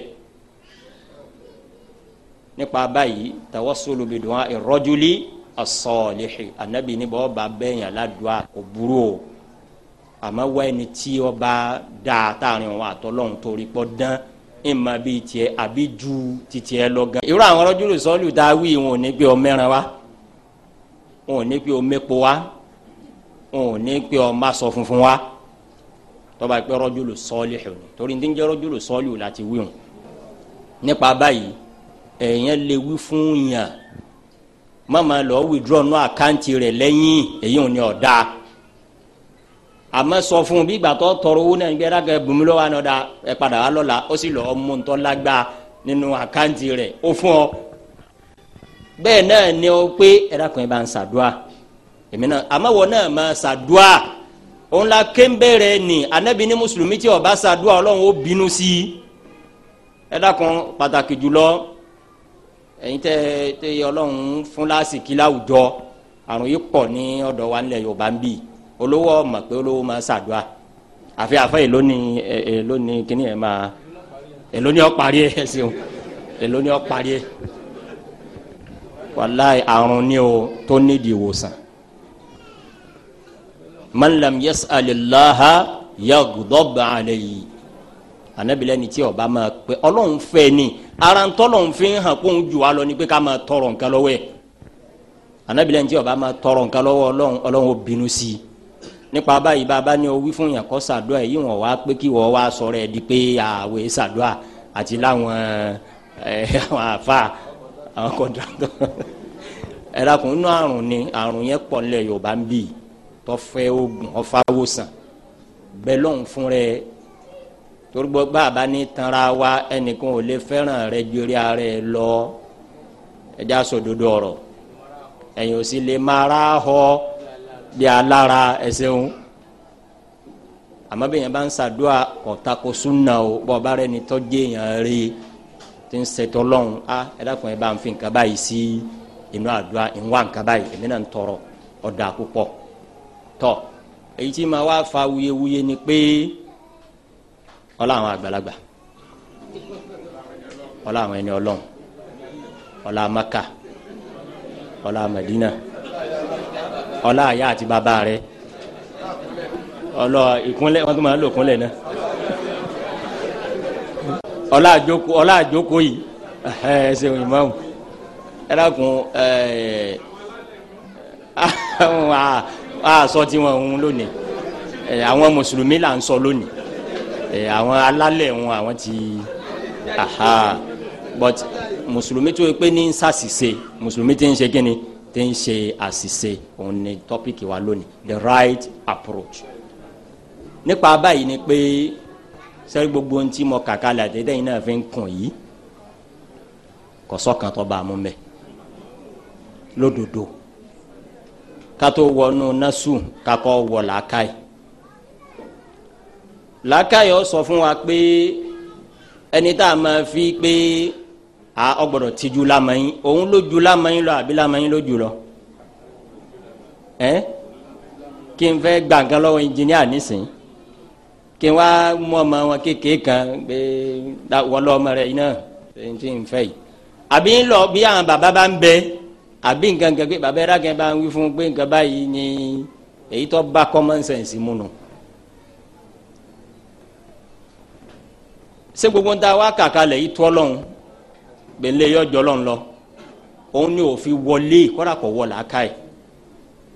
nípa báyìí tawassulu bi du'a ar-rajuli as-salihi anabi ní bọ́ọ̀ bá bẹ́yìn aládùá kò burú o àmọ́ wá ẹni tí ó bá dáa táàrin òun àtọ́lọ́hún torí pọ́ dán ìmọ̀ bíi tiẹ̀ àbí ju ti tiẹ̀ lọ gan. irú àwọn rajulu sọ́ọ̀lù tá a wọn ò ní pé ọmọ ẹran wa wọn ò ní pé ọmọ epo wa wọn ò ní pé ọmọ aṣọ funfun wa tọ́ba pé rajulu sọ́ọ̀lù torí ní ti ń jẹ́ rajulu sọ́ọ̀lù láti wí wọn nípa báyìí èèyàn lè wí fún yàn mama lọ withdraw nù àkáǹtì rẹ̀ lẹ́yìn èyí ò ní ọ̀dà àmọ́ sọ fún bí gbàtọ́ tọrọ owó náà gbẹ́dá kẹ bùnmílọ́ wa nọ̀dà ẹ padà wà lọ́la ó sì lọ́ọ́ mú ntọ́ lágbá nínú àkáǹtì rẹ̀ ó fún ọ bẹ́ẹ̀ náà ni ó pé ẹ̀dá kan ẹ bá ń ṣàdúà èmi náà àmọ́ náà máa ṣàdúà òun la kéńbẹ̀rẹ̀ ni anabi ní mùsùlùmí tí ó bá ṣàdúà ọlọ́run ó bínú sí ẹ̀dá kan pàtàkì jùlọ ẹ̀yin tẹ́ tẹ́ ọlọ́run fún lásìkí láwùjọ àrùn yìí pọ̀ ní ọ̀dọ̀ wa nílẹ̀ yorùbá ń bì olówó ọmọ pé olówó máa ṣàdúrà àfi àfẹ́ èló ni èló ni kíní ẹ̀ máa èló ni ó parí ẹ̀ ṣeun èló ni ó parí ẹ̀ wàláì àrùn ni o tó nídìí ìwòsàn man lam yas'alillaha yaghdab alayhi anabilẹ́ni tí ó máa pé ọlọ́run fẹ́ ni ara ntọlọ nfin hàn kó ń ju wa lọ ni pé ká máa tọrọ nǹkan lọ́wọ́ yẹ anabila ntí ọba máa tọrọ nǹkan lọ́wọ́ Ọlọ́run Ọlọ́run ó bínú sí nípa báyìí bàbá ni o wí fún yàn kó ṣàdúrà yìí wọn wá pé kí wọn wá sọ̀rọ̀ ẹ di pé àwẹ ṣàdúrà àti láwọn ẹ àwọn àfa àwọn kọńtàkọ ẹ inú àrùn ni àrùn yẹn pọ̀ nílẹ̀ Yorùbá ń bì tọ́fẹ́ oògùn ọ̀fà wòsàn bẹ́ẹ̀ torugbọ bàbá ní tanra wa ẹnìkan ò lè fẹ́ràn rẹ̀ jori ara yẹ lọ ẹdí aṣòdodo ọ̀rọ̀ ẹ̀yin ò sì lè mara họ bí alára ẹsẹ̀hún àmọ́ bí yẹn bá ń ṣàdúrà ọ̀tako súnà o bọ́ ọba rẹ ni tọ́jú èèyàn rí ti ń ṣètọ́ lọ́hùn á ẹ̀dàkùn ẹ̀ bá ń fi nǹkan báyìí sí inú àdúrà ìwà nǹkan báyìí èmi náà ń tọrọ ọ̀dà púpọ̀ tọ́ fa wuyewuye ni pé ọlá àwọn àgbàlagbà ọlá àwọn ẹni Ọlọ́run ọlá Maka ọlá Madina ọlá àyà àti bàbá rẹ ọlọ ìkúnlẹ̀ wọn tún máa ń lò kúnlẹ̀ náà ọlá àjoko ọlá àjoko yìí ẹ ṣeun ìmáàmù ẹ dákun ẹ àwọn àṣọ tí wọn ń lónìí àwọn mùsùlùmí là ń sọ lónìí àwọn alálẹ̀ wọn àwọn ti aha but mùsùlùmí tó pé ní sàṣìṣe mùsùlùmí ti ń ṣe kíni ti ń ṣe àṣìṣe òun ni tọ́pìkì wa lónìí the right approach nípa báyìí ni pé sẹ́rí gbogbo ohun tí mo kàkà là dédé náà fi ń kàn yìí kọ̀sọ́kan tó bá a mú mẹ́ lódodo kátó wọnú násù kakọ́ wọ̀ làákàyè làákàyọ̀ sọ fún wa pé ẹni tá a máa fi pé a ọgbọ́dọ̀ tìjú lamẹyin òun ló ju lamẹyin lọ àbí lamẹyin ló jù lọ ẹ kí n fẹ́ gbà nǹkan lọ́wọ́ ẹnjìníà nísìnyí kí n wá mú ọmọ wọn kékeré kan pé wọ́n lọ ọmọ rẹ̀ iná ẹni tí n fẹ́ yìí àbí ń lọ bí àwọn bàbá bá ń bẹ àbí nǹkan kan pé bàbá ẹ̀rá kan bá ń wí fún pé nǹkan báyìí ni èyí tó bá common sense mu nù. No ṣé gbogbo ta wá kàkà yìí tọ́ ni òfin wọlé kọ́ra kọ̀ wọ̀ làákà yìí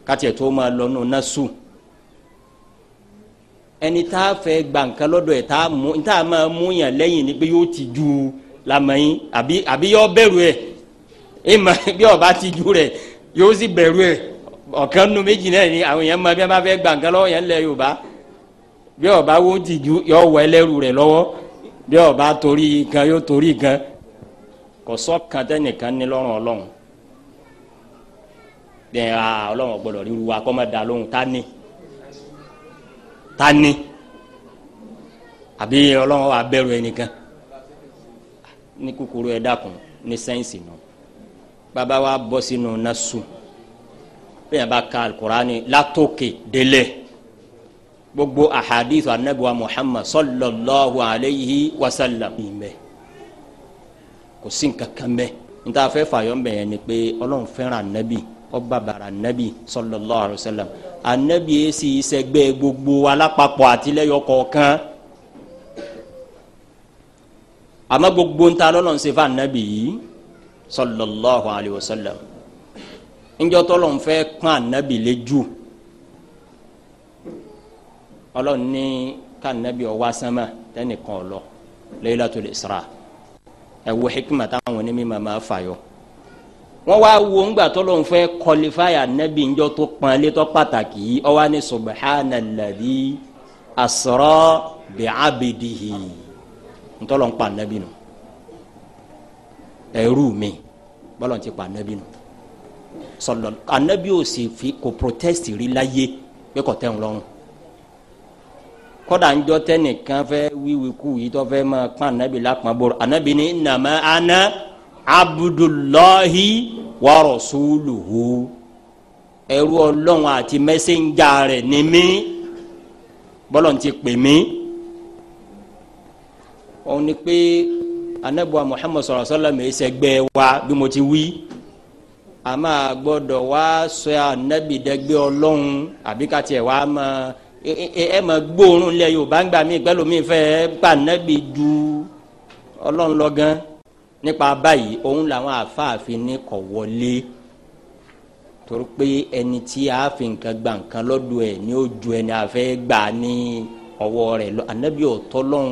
kátìẹ̀ tó máa lọ nù náà sùn ẹni tá a fẹ́ gba nǹkan lọ́dọ̀ ẹ̀ tá a mú tá a máa mú ni pé yóò ti ju lamẹ́yìn àbí àbí yọ bẹ̀rù ẹ̀ ti ju rẹ̀ yóò sì bẹ̀rù ẹ̀ ọ̀kan nu méjì náà ni àwọn máa bí bá fẹ́ gba wo ti ju yọ bí ọba torí gan yóò torí gan kò sọ kàtẹ́nìkan ní lọ́rùn ọlọ́run bẹ́ẹ̀ a ọlọ́run gbọ́dọ̀ ríru wa kọ́ mọ́ da lóhùn tá ní tá ní àbí ọlọ́run wa bẹ̀rù ẹnìkan ní kúkúrú ẹ dákun ní sẹ́ǹsì nù bàbá bọ́ sínú nasu bẹ́ẹ̀ bá ka ni látòkè délẹ̀. gbogbo ahadith anabi wa muhammad sallallahu alayhi wa sallam. kò sí nǹkan kan bẹ́ẹ̀ n ta fẹ́ fàyọ̀ ń bẹ̀ yẹn ni pé ọlọ́run fẹ́ràn anabi ọba bàrà anabi sallallahu alayhi wa sallam anabi yẹn sì sẹgbẹ́ gbogbo alápapọ̀ àtìlẹ́yọ̀ kọ̀ọ̀kan àmọ́ gbogbo ń ta lọ́lọ́run ṣe anabi yìí sallallahu alayhi wa sallam ńjọ́ tọ́lọ́run fẹ́ pọ́n anabi lé ọlọ́run ní kànábì ọwá sánmà tẹ́nìkan ọ̀lọ́ Laylatul Isra ẹ wo hikima táwọn onímọ̀ máa fàyọ. wọ́n wá wo ńgbà tó lóun fẹ́ kọlifáyà nábì ńjọ́ tó pọn létọ́ pàtàkì yìí ọwá ní subhanalladhi asra bi'abdihi ntọ́lọ́ ń pa nábì nù ẹrú mi bọ́lọ̀ ti pa nábì nù sọlọ anabi ò sì fi kò protest rí láyé pé kò tẹ́ ń lọ́rùn kọ́dà ń jọ tẹ́nìkan fẹ́ wíwí kú yìí tó fẹ́ máa pọ́n anabi lápọn anabi ní nàmá ana abudulahi wa rasuluhu ẹrú ọlọ́run àti mẹ́sẹ̀njà rẹ̀ ni mí bọ́lọ̀ ti pè mí òun ni pé anabuwa muhammad sallallahu alaihi wasallam ẹsẹgbẹ wa bí mo ti wí a máa gbọ́dọ̀ wá anabi dẹgbẹ ọlọ́run àbí ká tiẹ̀ wá máa ẹ mọ̀ gbóòórùn lẹ yorùbá ń gbà mí pẹ́lú mi fẹ́ gbà nẹ́bi ju ọlọ́run lọ gan nípa báyìí òun làwọn àfáàfin ní kọ̀ wọlé torí pé ẹni tí a fi nǹkan gba nǹkan lọ́dọ̀ ẹ̀ ní ojú ẹni àfẹ́ gbà ní ọwọ́ rẹ̀ lọ anabi ọ̀tọ́ lọ́hún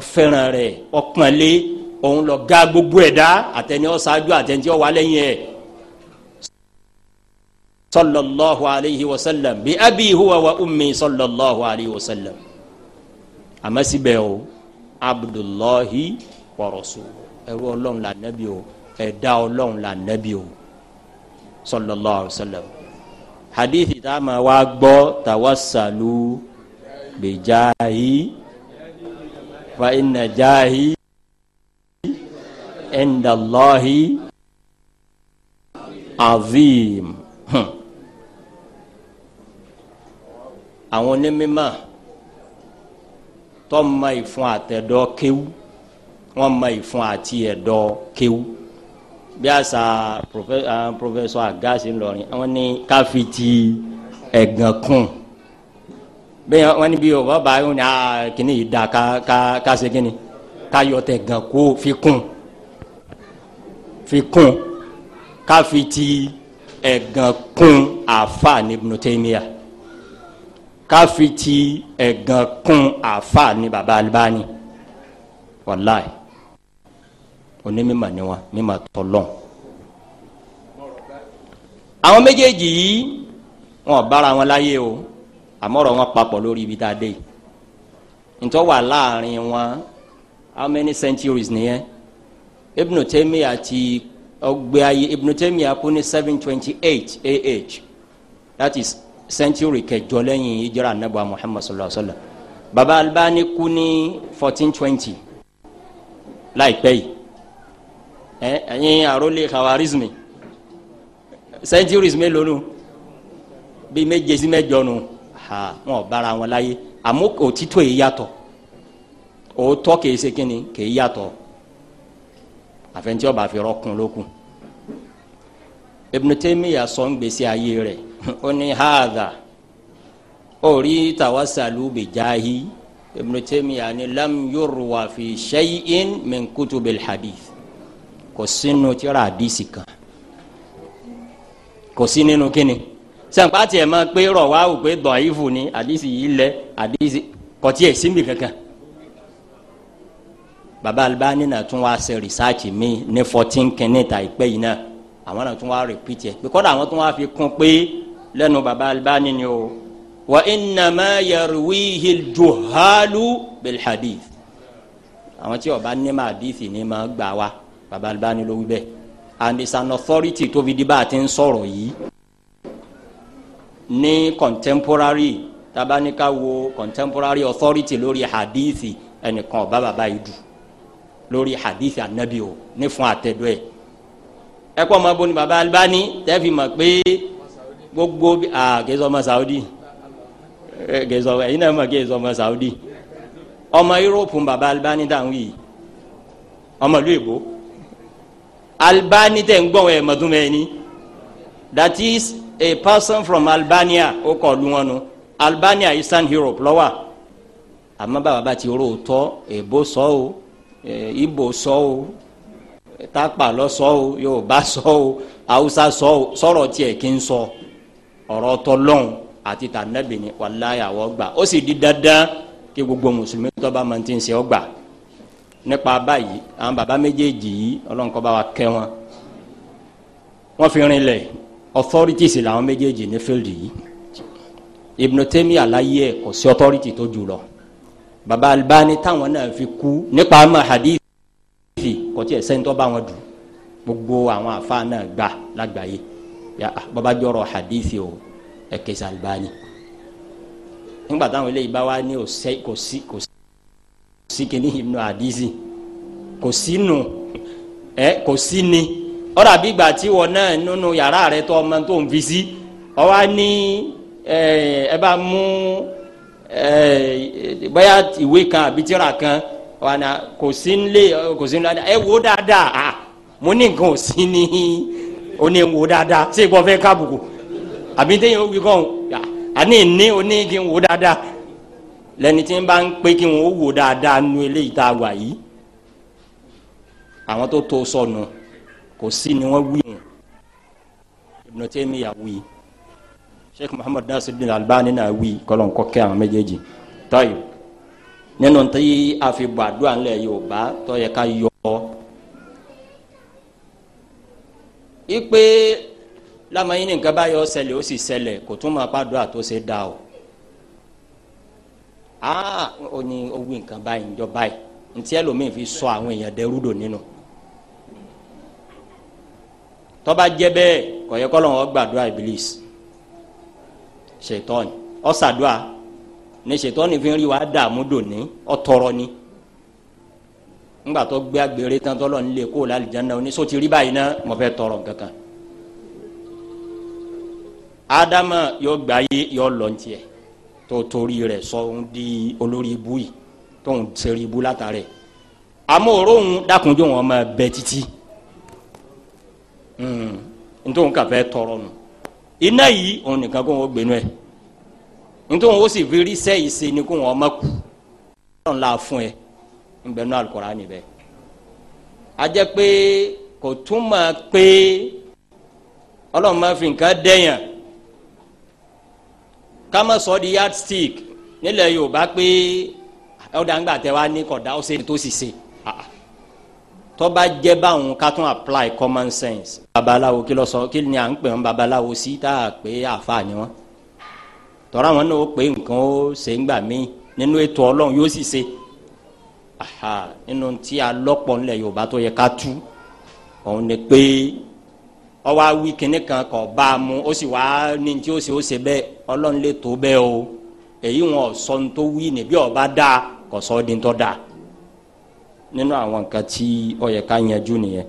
ọ̀fẹ́ràn rẹ̀ ọ̀pọ̀nlé òun lọ ga gbogbo ẹ̀dá àtẹni ọ̀ṣáájú àtẹni tí ó wà lẹ́yìn sallallahu alayhi wa sallam bi abi huwa wa ummi sallallahu alayhi wa sallam àmọ́ síbẹ̀ o abdullahi wa rasuluhu ẹrú ọlọ́run là nẹ́bí o ẹ̀dá ọlọ́run là nẹ́bí o sallallahu alayhi wa sallam hadithi tá a máa gbọ́ tawassalu bi jaahi fa inna jaahi inda allahi azim. Hmm. àwọn onímọ̀ tó ma ìfun àtẹ̀dọ̀ kéwú wọ́n ma ìfun àti ẹ̀dọ̀ kéwú bí àṣà pòfẹsọ àgáàsì ńlọrin àwọn ní káfí ti ẹ̀gàn kùn bẹ́ẹ̀ wọ́n ní bí ọ̀bọ̀ báyìí wọ́n ní kíní yìí da ká ká ká ṣe kíní ká yọ tẹ̀ gàn kó fi kùn fi kùn káfí ti ẹ̀gàn kùn àfa ní Ibn Taymiyyah káfi ti ẹ̀gàn kún àfa ni baba Albani wàláì onímọ̀ ni wọn mímọ̀ tọ́lọ́n. àwọn méjèèjì yìí wọn bára wọn láyé o àmọ́rọ̀ wọn papọ̀ lórí ibi tá a dé ntọ́ wà láàrin wọn how many centuries nìyẹn Ibn Taymiyyah àti ọgbẹ́ ayé Ibn Taymiyyah kú ní seven twenty eight AH that is sẹ́ńtúrì kẹjọ lẹ́yìn ìjọra anabuwa Muhammadu sallallahu alaihi wa sallam baba albani kuni ní fourteen twenty láìpẹ́ yìí ẹ ẹ̀yin àrólé khawarizmi sẹ́ńtúrì mélòó nù bíi méje sí mẹ́jọ nù ha wọn ò bára wọn láyé àmọ́ òtítọ́ yìí yàtọ̀ òótọ́ kìí ṣe kínni kìí yàtọ̀ àfẹnjọba fi rọkùn lókun. Ibn Taymiyyah sọ ń gbèsè ayé rẹ̀ ó ní haadha orí tawassalu bi jahi Ibn Taymiyyah ni lam yurwa fi shay'in min kutubil hadith kò sínú tíra àdìsí kan kò sí nínú kíni sàǹpá tiẹ̀ máa pé rọ̀ wá ò pé dọ̀ìfù ni àdìsí yìí lẹ àdìsí kò tiẹ̀ síbi kankan baba Albani náà tún wá ṣe rìsáàcì mi ní fourteen kìíní ta yìí náà àwọn náà tún wá rìpítì ẹ pé kọ́dà àwọn tún wá fi kún pé lẹ́nu baba Albani ni o wa innama yarwihi al-juhalu bil-hadith àwọn tí ó bá ní ma hadithi ní ma gbà wá baba Albani ló wí bẹ́ẹ̀ and it's an authority tó fi di bá a ti ń sọ̀rọ̀ yìí ní contemporary tabanika wo contemporary authority lórí hadithi ẹnìkan ọba baba yìí dù lórí hadithi anabi o ní fún àtẹ̀dọ́ ẹ̀ ẹkọ ọmọ abo ni baba Albani tẹfi mọ pé gbogbo aa kẹsọ ọmọ Saudi kẹsọ ẹyin náà mọ kẹsọ ọmọ Saudi ọmọ Europe baba Albani dáhùn yìí ọmọ ìlú èbó Albani tẹ̀ ń gbọ́n ẹ̀ mọ̀túnmẹ́ ni that is a person from Albania ó kọ̀ lu wọn nu Albania Eastern Europe lọ́wọ́ àmọ́ bàbá bá ti rò ó tọ́ èbó sọ ó ìbò sọ ó tápà lọ sọ o yorùbá sọ o haúsá sọ o sọ̀rọ̀ tiẹ̀ kí n sọ ọ̀rọ̀ tọlọ́hún àti tànẹ́bì ni wàláyà wọ́n gbà ó sì di dandan kí gbogbo mùsùlùmí tó bá máa ti ń ṣe ọ́ gbà nípa báyìí àwọn bàbá méjèèjì yìí ọlọ́run kó bá wa kẹ́ wọn wọ́n fi rinlẹ̀ authorities làwọn méjèèjì ní field yìí Ibn Taymiyyah àlàyé ẹ̀ kò sí authority tó jù lọ bàbá Albani táwọn náà fi kú nípa ama kò tiẹ̀ sẹ́ni tó bá wọn dù gbogbo àwọn afa náà gbà lágbàáyé ah, bàbá jọrọ hadithi o ẹ kẹsàn Albani nígbà táwọn eléyìí bá wá ní kò sí kò sí kò sí kìíní ìnú hadithi kò sínú ẹ kò sí ni ọ̀rọ̀ àbí ìgbà tí wọn náà nínú yàrá rẹ tó ọmọ tó ń fi sí ọ wá ní ẹ bá mú ẹ bóyá ìwé kan àbí tíra kan wana kò sí nílé kò sí nílé ẹ wò dáadáa à mo ní nǹkan ò sí ní o ní wò dáadáa ṣé ìbọn fẹ́ kábùkù àbí téèyàn ó wí kàn àní ní o ní kí n wò dáadáa lẹni tí ń bá ń pé kí n ó dáadáa nu eléyìí tá a wà yìí àwọn tó tó sọnù kò sí ni wọ́n wí hàn Ibn Taymiyyah wí Sheikh Muhammad Nasiruddin Albani náà wí kọlọ̀ńkọ́ kẹ́ àwọn méjèèjì tayib nínú tí a fi bọ àdúrà ńlẹ yorùbá tó yẹ ká yọ ọ. ipe lamọyin ní nǹkan báyọ̀ ṣẹlẹ̀ ó sì ṣẹlẹ̀ kò tún máa pa àdúrà tó ṣe dá o. aa ó ní owó nǹkan báyìí ń jọ báyìí ntí ẹlòmíín fi sọ àwọn èèyàn dẹrúdò nínú. tó bá jẹ́ bẹ́ẹ̀ kò lọ́wọ́ gbàdúrà ibilis ṣètọ́ni ọ̀sàdúrà ní ṣètò ní fi ń rí wa dààmú dòní ọ̀tọ̀rọ̀ ni ńgbà tó gbé agbèrè tán tọ́lọ̀ nílé kó lálìjáná oní sọ ti rí báyìí náà mo fẹ́ tọrọ kankan ádámà yóò gbà yé yóò lọ ní tiẹ̀ tó torí rẹ̀ sọ ń di olórí ibú yìí tó ń sẹ́rí ibú látàrẹ̀ àmọ́ òróhùn dákunjú wọn máa bẹ títí nítorí hmm, wọn kà nù iná yìí òun nìkan kó wọn gbénu ẹ̀ nítorí wọn ó sì fi rí ìse ni kó wọn ọmọ kù ọlọ́run la fún ẹ ńbẹ nú alukọ̀rá níbẹ̀ a jẹ́ pé kò túmọ̀ pé ọlọ́run fi nǹkan dẹ́yàn ká má sọ di yardstick nílẹ̀ yorùbá pé ọ̀dà ńgbà tẹ wá ní kọ̀dá ó ṣe tó sì ṣe tọ́ba jẹ́ báwọn ká tún apply common sense babaláwo kí ló sọ kí ni à ń pè wọn babaláwo sí tá a pé àfa ni wọn tọ́ra wọn náà ó pé nǹkan ó ṣe ń gbà mí nínú ètò ọlọ́run yóò sì ṣe aha nínú tí a lọ́pọ̀ ńlẹ̀ yorùbá tó yẹ ká tú òun ni pé ọwọ́ awí kinní kan kọ̀ bá a mú ó sì wá ní tí ó ṣe ó ṣe bẹ́ẹ̀ ọlọ́run lè tó bẹ́ẹ̀ o èyí wọn sọ ní tó wí ní bí ọba dáa kò sọ ọ́ di tó dáa nínú àwọn nǹkan tí ó yẹ ká yanjú nìyẹn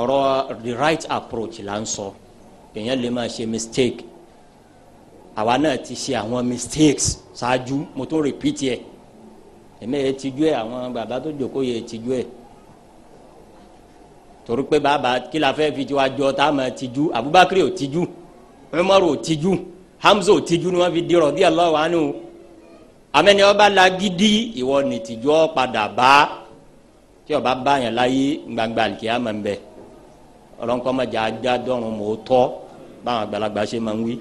ọ̀rọ̀ the right approach là ń sọ èèyàn lè máa ṣe mistake àwa náà ti ṣe àwọn mistakes ṣáájú mo tún repeat ẹ èmi yẹn tijú ẹ àwọn bàbá tó jókòó yẹn tijú ẹ torí pé bàbá kí la fẹ́ fi tiwa jọ tá a máa tijú Abubakar ò tijú Umar ò tijú Hamza ò tijú ni wọ́n fi dirọ̀ bí Allahu anhu amẹni ọba la gidi ìwọ nìtìjú padà bá tí ọba bá yẹn láyé gbangba àlìkíyà máa ń bẹ ọlọ́nkọ́ máa jà á já dọ́rùn tọ́ báwọn àgbàlagbà ṣe máa ń wí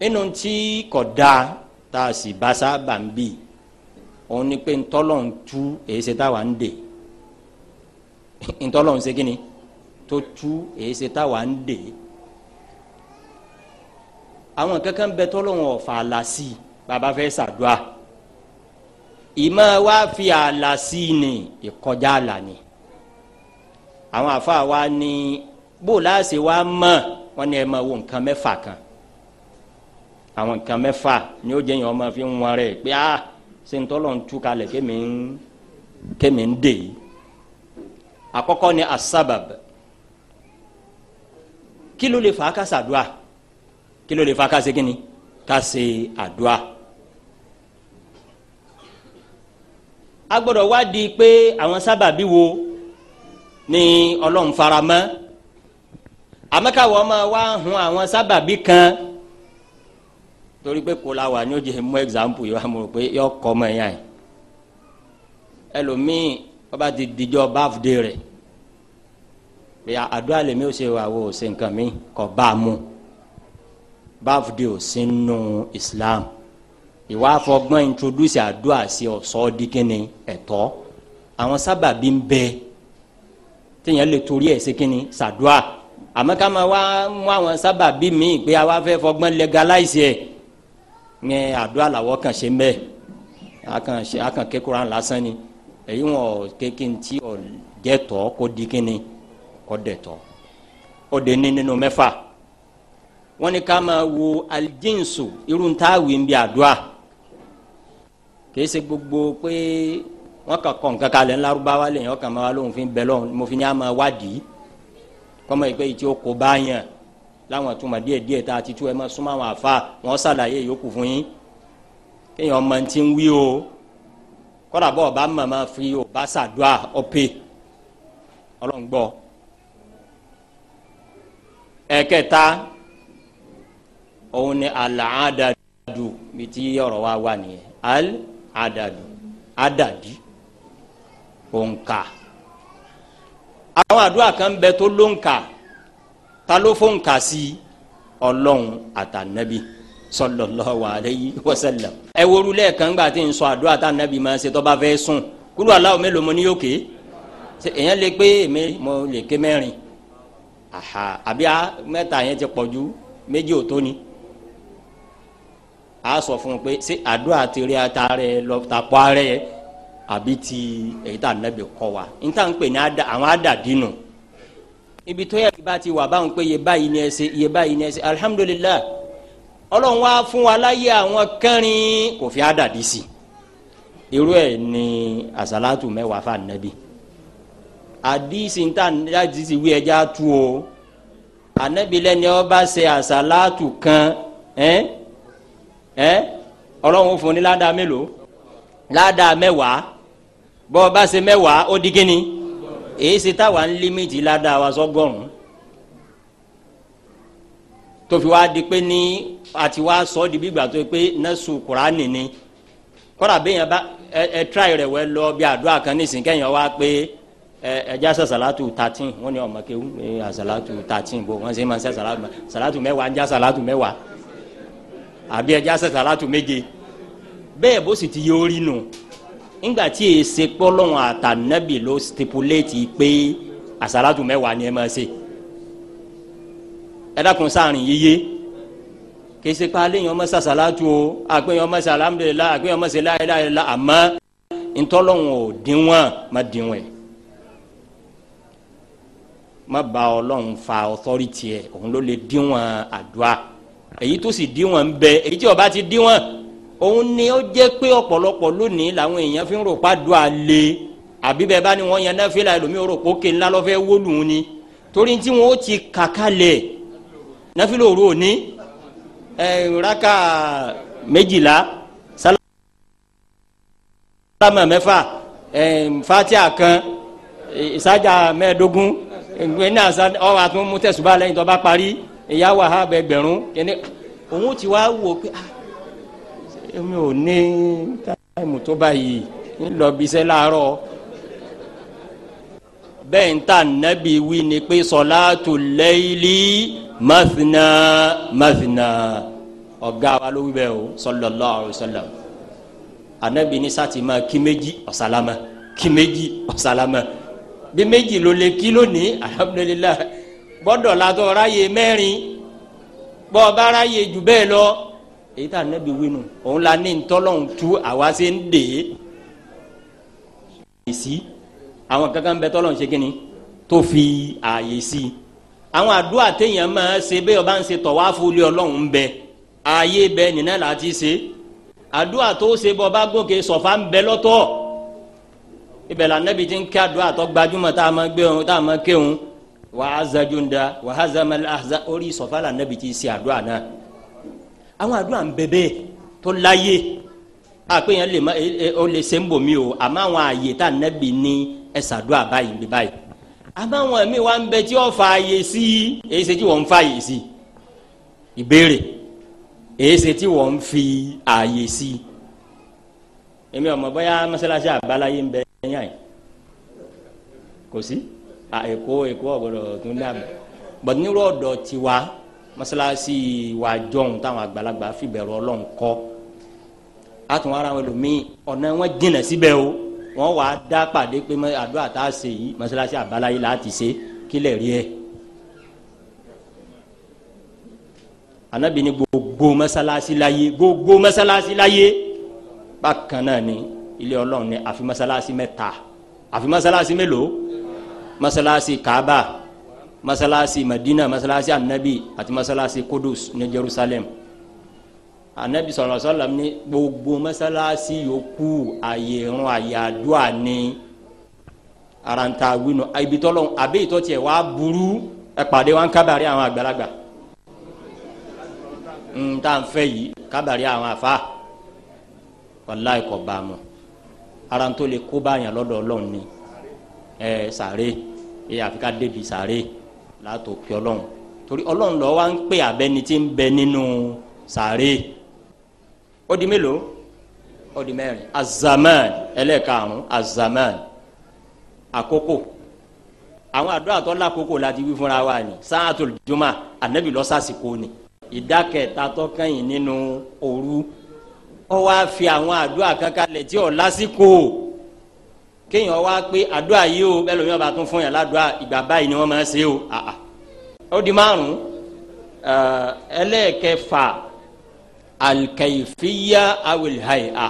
nínú tí kò dáa tá a sì bá sábà ń bì òun ni pé ntọ́lọ̀ ń tú èyíṣe táwa ń dè ntọ́lọ̀ ń ṣe kí ni tó tú èyíṣe táwa ń dè àwọn kankan bẹ tọ́lọ̀ wọn ọ̀fà àlà sí i bàbá fẹ́ ṣàdúrà ìmọ̀ wa fi àlà sí i ní ìkọjá àlà ni àwọn àfa wa ní bó láṣẹ wa mọ̀ wọ́n ní ẹ máa wo nǹkan mẹ́fà kan àwọn nǹkan mẹ́fà ni ó jẹ́ yẹn ọmọ fi ń wọn rẹ̀ pé a ṣe ń tọ́lọ̀ ń tú kalẹ̀ kémi ń kémi ń dè àkọ́kọ́ ni asabab kí ló lè fa ká ṣàdúà kí ló lè fa ká ṣe kíni ká ṣe àdúà. a gbọ́dọ̀ wádìí pé àwọn sábàbí wo ni Ọlọ́run faramọ́ àmọ́ káwọn ọmọ wa hun àwọn sábàbí kan torí pé kò la wà ní ojú mú example yìí wà mo rò pé yọ kọ́ ọmọ ẹ̀yà yìí ẹlòmíì ọba ti dijọ́ báfdé rẹ̀ pé àdúrà lèmi ò ṣe wà wò ṣe nǹkan mi kò bá a mú báfdé ò sí nù Islam ìwà àfọgbọ́n introduce àdúrà sí ọ̀sọ́ dikínni ẹ̀tọ́ àwọn sábàbí ń bẹ téèyàn lè torí ẹ̀ sí kínni ṣàdúrà àmọ́ ká máa wá mú àwọn sábàbí míì pé àwa fẹ́ fọgbọ́n legalize ẹ̀ ŋɛ ado alawɔ kan se mbɛ akan se akan ke kuran lásán ni èyí wọn kékin tí o jẹ tɔ kó di kini kó dẹ tɔ o de ni nínú mẹ́fà wọn ni ká máa wo alijinsu irun tá a wí ń bi àdúrà kìí ṣe gbogbo pé wọn kà kọ̀ nǹkan kalẹ̀ ńlárúbáwá lẹ́yìn ọkàn máa lóhùn fi bẹ̀ mo fi ní a máa wádìí kọ́mọ yìí pé ìtí o kò bá yàn láwọn ìtumọ̀ díẹ̀ díẹ̀ tá a ti tú ẹ má súnmọ́ àwọn àfa wọn ṣàlàyé yòókù fún yín kéèyàn ọmọ ti ń wí o kọ́dà bọ́ ọba màmá fi ọba ṣàdúà ọ̀pẹ ọlọ́run gbọ́ ẹ̀kẹta òun ni àlàádàdù bí tí ọ̀rọ̀ wa wà nìyẹn àlàádàdù àdàdì òǹkà àwọn àdúrà kan bẹ tó lóǹkà ta ló fóun kà sí ọlọ́run àtànẹ́bí sallallahu alayhi wa sallam. ẹ worulẹ̀ kan gbà tí n sọ àdúrà àtànẹ́bí máa ṣe tó bá fẹ́ sùn kúrò aláwọ̀ mélòó mo ní yókè mo lè ké mẹ́rin aha àbí mẹ́ta yẹn ti pọ̀ ju méjì ò tó ni a sọ fún un pé ṣé àdúrà ti rí ata rẹ lọ ti èyí tà nẹ́bí wa n ta ń pè ní àwọn àdàdínù ibi tó yẹ kí bá ti wà báwọn pé yẹ báyìí ni ẹ ṣe yẹ báyìí ni ẹ ṣe alihamudulilayi ọlọ́run wá fún wa láyé àwọn kẹrin kò fi àdàdì sí irú ẹ̀ ní àsálàtù mẹ́wàá fà nẹ́bí àdìsí níta àdìsí wí ẹja tu o ànẹ́bí lẹ́ni ọ bá ṣe àsálàtù kan ẹ́ ẹ́ ọlọ́run fún ni ládàá mélòó ládàá mẹ́wàá bọ́ ọ bá ṣe mẹ́wàá ó di kíni èyí ṣe táwa ń límìtì ládàá wa sọ́gọ́rùn-ún tó fi wá di pé ní àti wá sọ di gbígbà tó pé nẹ́sù kùránì ni kọ́ra béèyàn bá ẹ ẹ tíráì rẹ̀ wẹ́ lọ bí àdúrà kan nísìnyí kẹ́yìn wá pé ẹ ẹja ṣe sàlátù tatin wọ́n ní ọmọ kéwù ẹ àṣàlátù tatin bò wọ́n ṣe máa ṣe sàlátù sàlátù mẹ́wàá ń já sàlátù mẹ́wàá àbí ẹja ṣe sàlátù méje bẹ́ẹ̀ bó sì ti yọ orí nù. No ńgbà tí èyí ṣe pọ́lọ́hún àtànẹ́bì ló stipulate pé àsálàtù mẹ́wàá ni ẹ máa ṣe ẹ dákun sáàrin yíyé kese pa ale yan masa salatu o agbe yan masa alhamdulilah agbe yan masa ilaha ilaha ilaha ama ntọlọn o diwọn ma diwọn ma ba Ọlọ́run fa authority yẹ òun ló le diwọn àdúà èyí tó sì diwọn bẹ èyí tí ó bá ti diwọn òun ni ó jẹ́ pé ọ̀pọ̀lọpọ̀ lónìí làwọn èèyàn fi ń rò pa àlè àbí bẹ́ẹ̀ bá ní wọ́n yan náfìlà ẹlòmíì ó rò pé ńlá lọ́fẹ́ ni torí tí wọ́n ó ti kàkálẹ̀ òní méjìlá sálámà mẹ́fà fatia kan ìsájà ọ̀rọ̀ àti mú tẹ̀sùbà lẹ́yìn tó bá parí ìyá wàhálà òun ti wá wò pé ah èmi ò ní táìmù tó báyìí ń lọ bí iṣẹ́ láàárọ̀ bẹ́ẹ̀ ń tà nábì wí ni pé sọ̀láàtù láylì mathna mathna ọ̀gá wa ló wí bẹ́ẹ̀ o sallallahu alaihi wasallam anabi ní sátì máa kí méjì ọ̀sálámà kí méjì ọ̀sálámà bí méjì ló lè kí lónìí alhamdulilayi gbọ́dọ̀ látọ̀ ráyè mẹ́rin gbọ́ bá ráyè jù bẹ́ẹ̀ lọ èyí tá nẹ́bi winu òun la ní ntọ́lọ́hún tú àwa ṣe ń dè é èsì àwọn kankan bẹ tọ́lọ́hún ṣe kínní tó fi ààyè sí i àwọn àdúrà téèyàn máa ṣe bẹ́ẹ̀ ọba ń ṣe tọ̀wáfù lé ọlọ́hún ń bẹ ààyè bẹ nìyẹn láti ṣe àdúrà tó ṣe bọ́ bá gòkè sọ̀fà ń bẹ lọ́tọ̀ ibẹ̀ la nẹ́bi ti ń kí àdúrà tó gbajúmọ̀ tá a máa gbé òun tá a máa ké òun wàhazajunda wàhazamalahza orí sọ̀fà la nẹ́bi ti ṣe àdúrà náà àwọn àdúrà ń bẹ bẹ́ẹ̀ tó láyé àpé yẹn lè má ẹ e, ọ e, lè ṣe ń bò mí o àmọ́ àwọn àyè tá a nẹ́bi ní ẹ̀sà àdúrà báyìí bí báyìí àmọ́ àwọn ẹ̀mí wa ń bẹ tí ó fa àyè sí èyí ṣe tí wọ́n ń fa àyè sí ìbéèrè èyí ṣe tí wọ́n ń fi àyè sí èmi ọmọ bóyá mọ́sálásí àbáláyé ń bẹ ẹ̀yìn àyè kò sí èkó èkó ọ̀gbọ̀dọ̀ tún dàbọ̀ bọ̀dúnrún ọ̀dọ̀ tiwa mọ́sálásí wa jọ̀hún táwọn àgbàlagbà fìbẹ̀rù ọlọ́run kọ́ àtúnwá ara wọn lòmíì ọ̀nà wọn jìnà síbẹ̀ o wọn wà á dá pàdé pé àdúrà tá a ṣe yìí mọ́sálásí àbáláyé láti ṣe kílẹ̀ rí ẹ̀. anabi ni gbogbo masalasi la ye gbogbo masalasi la ye bákan náà ni ilé ọlọ́run ni àfi masalasi mẹ́ta àfi masalasi mélòó masalasi kaaba masalasi madina masalasi anabi àti masalasi kudus ní jerusalem anabi sallallahu alaihi wasallam ní gbogbo masalasi yòókù àyè ìrun àyè àdúà ní aranta winu ibi tọlọ abe itọ wa buru ẹpàdé wa ń kábàárì àwọn àgbàlagbà ń tà ń fẹ́ yìí kábàárì àwọn afa wàláì kọ bá a mọ le kó báyàn lọ́dọ̀ Ọlọ́run ni ẹ sàré ẹ àfikà débi sàré látòkè ọlọ́run torí ọlọ́run ló wá ń pè abẹ́ni tí ń bẹ nínú sàárè ó di mélòó ó di mẹ́rin azaman ẹlẹ́ẹ̀karùn azaman àkókò àwọn àdúrà tó lákòókò láti wí fúnra wa ni sáàtul juma anabi lọ́sàsìkò ni ìdákẹ́ta tó kẹ́yìn nínú òru ó wá fi àwọn àdúrà kankan tí ò lásìkò kéèyàn wá pé àdúrà yìí o bẹ́ẹ̀ lómi ọba tún fún yàn ládùúrà ìgbà báyìí ni wọ́n máa ṣe o àà ah, ah. ó di márùn-ún eh, ẹlẹ́ẹ̀kẹfà alikaifiya awilhaiya